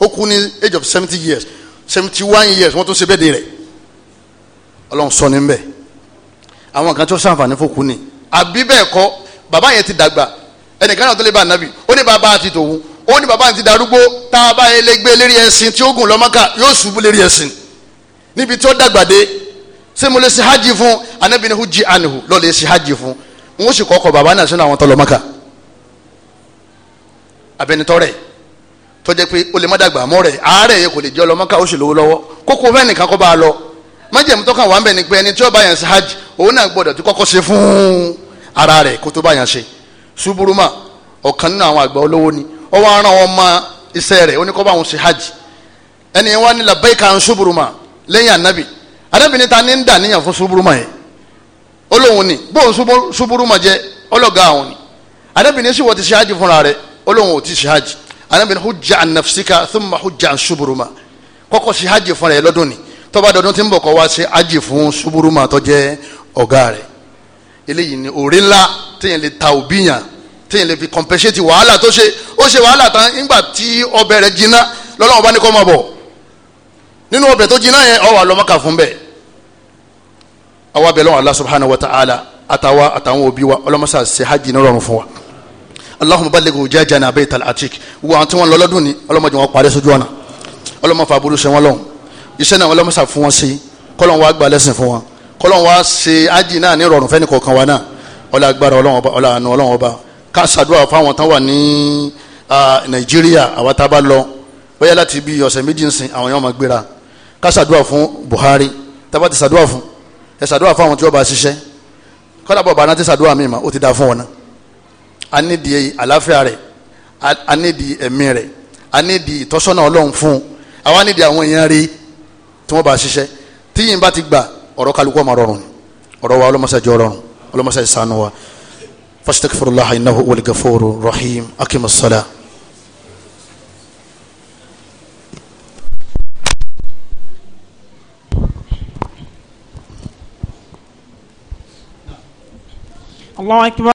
ó kú ní age of seventy years seventy one years wọ́n tún ṣe bẹ́ẹ̀ de rẹ̀ ọlọ́run sọ ní bẹ́ẹ̀ àwọn kan tó ṣàǹfààní fún kú ni àbí bẹ́ẹ̀ kọ́ bàbá yẹn ti dàgbà ẹnìkan náà tó lè bá ànábì ó ní bàbá àti tòun ó ní baba àti darúgbó tá a bá yẹn lè gbé lérí ẹṣin tí ó gùn lọ Mákà yóò ṣubú lérí ẹṣin níbi tí ó dàgbà dé ṣé mo lè ṣe hajj fún anabi ni hujj anihu lọ lè ṣe hajj fún n ó sì kọ́kọ́ bàbá náà sínú àwọn tó lọ Mákà abẹnitọ́rẹ̀ tó jẹ́ pé o lè má dàgbà mọ́ rẹ̀ àárẹ̀ yẹ kò lè jẹ́ ọlọ́mọ́ká ó sì lówó lọ́wọ́ kókó bẹ́ẹ̀ nìkan kó bá a lọ májèmú tó kàn wá ń bẹ̀ ni pé ẹni tí ó bá yàn ṣe hajj òun náà gbọdọ tí kọ́kọ́ ṣe fún ara rẹ̀ kó tó bá yàn ṣe ṣubúrúmà ọ̀kan nínú àwọn àgbà olówó ni o wa rán àwọn ma iṣẹ́ rẹ̀ o ni kọ bá wọn ṣe hajj ẹni wá ní labaika ń ṣubúrúmà lẹ́yìn anabi anabi níta ní ń dà níyàn fún ṣubúrúmà yẹn olóhùn ni bóun ṣubúrúmà jẹ ọlọ́gà àwọn ni anabi ní sùwọ́n ti ṣe hajj fúnra rẹ̀ olóhùn ò ti ṣe hajj anabi ní hujja an nafsika thumma hujja an ṣubúrúmà kọ́kọ́ ṣe hajj fúnra rẹ̀ lọ́dún ni tó bá dọdún tí ń bọ̀ kọ́ wá ṣe hajj fún ṣubúrúmà tó ọ̀gá rẹ̀ eléyìí ni òrìlá téèyàn lè ta òbí yàn téèyàn lè fi compensate wàhálà tó ṣe ó ṣe wàhálà tán nígbà tí ọbẹ̀ rẹ̀ jiná lọ́lọ́wọ́ bá ní kọ́ máa bọ̀ nínú ọbẹ̀ tó jiná yẹn ọwọ́ àlọ́mọ́kà fún bẹ́ẹ̀ àwa bẹ̀ lọ́wọ́ Allah subhanahu wa ta'ala àtàwa àtàwọn òbí wa ọlọ́mọṣà ṣe hajj ní rọrùn fún wa Allahumma balligh hujajana baytal atik wo àwọn tí wọ́n lọ lọ́dún ni ọlọ́mọdé wọn parí sójú ọ̀nà ọlọ́mọfà burú ṣe wọn lọ́hùn wa gba lẹ́sìn fún wọn wa ṣe hajj náà ní rọrùn fẹ́ni kọ̀ọ̀kan wa náà ọlá agbára ká ṣàdúrà fáwọn tán wà ní nàìjíríà àwọn tá a bá lọ bóyá láti bí ọ̀sẹ̀ méjì nsìn àwọn yẹn máa gbéra ká ṣàdúrà fún Buhari tábà ti ṣàdúrà fún ẹ ṣàdúrà fáwọn tí wọ́n bá ṣiṣẹ́ kọ́dà bọ̀ bàánà ti ṣàdúrà mí ma ó ti da fún wọn náà a ní di àlàáfíà rẹ̀ a ní di ẹ̀mí rẹ̀ a ní ìtọ́sọ́nà ọlọ́run fún àwa ní àwọn èèyàn rí tí wọ́n bá ṣiṣẹ́ tíyìn bá ti gbà ọ̀rọ̀ kálukú ọmọ rọrùn ọ̀rọ̀ wa ọlọ́mọṣẹ́ jọ rọrùn ọlọ́mọṣẹ́ ìsànú wa فاستغفر الله إنه هو الغفور الرحيم أقم الصلاة الله أكبر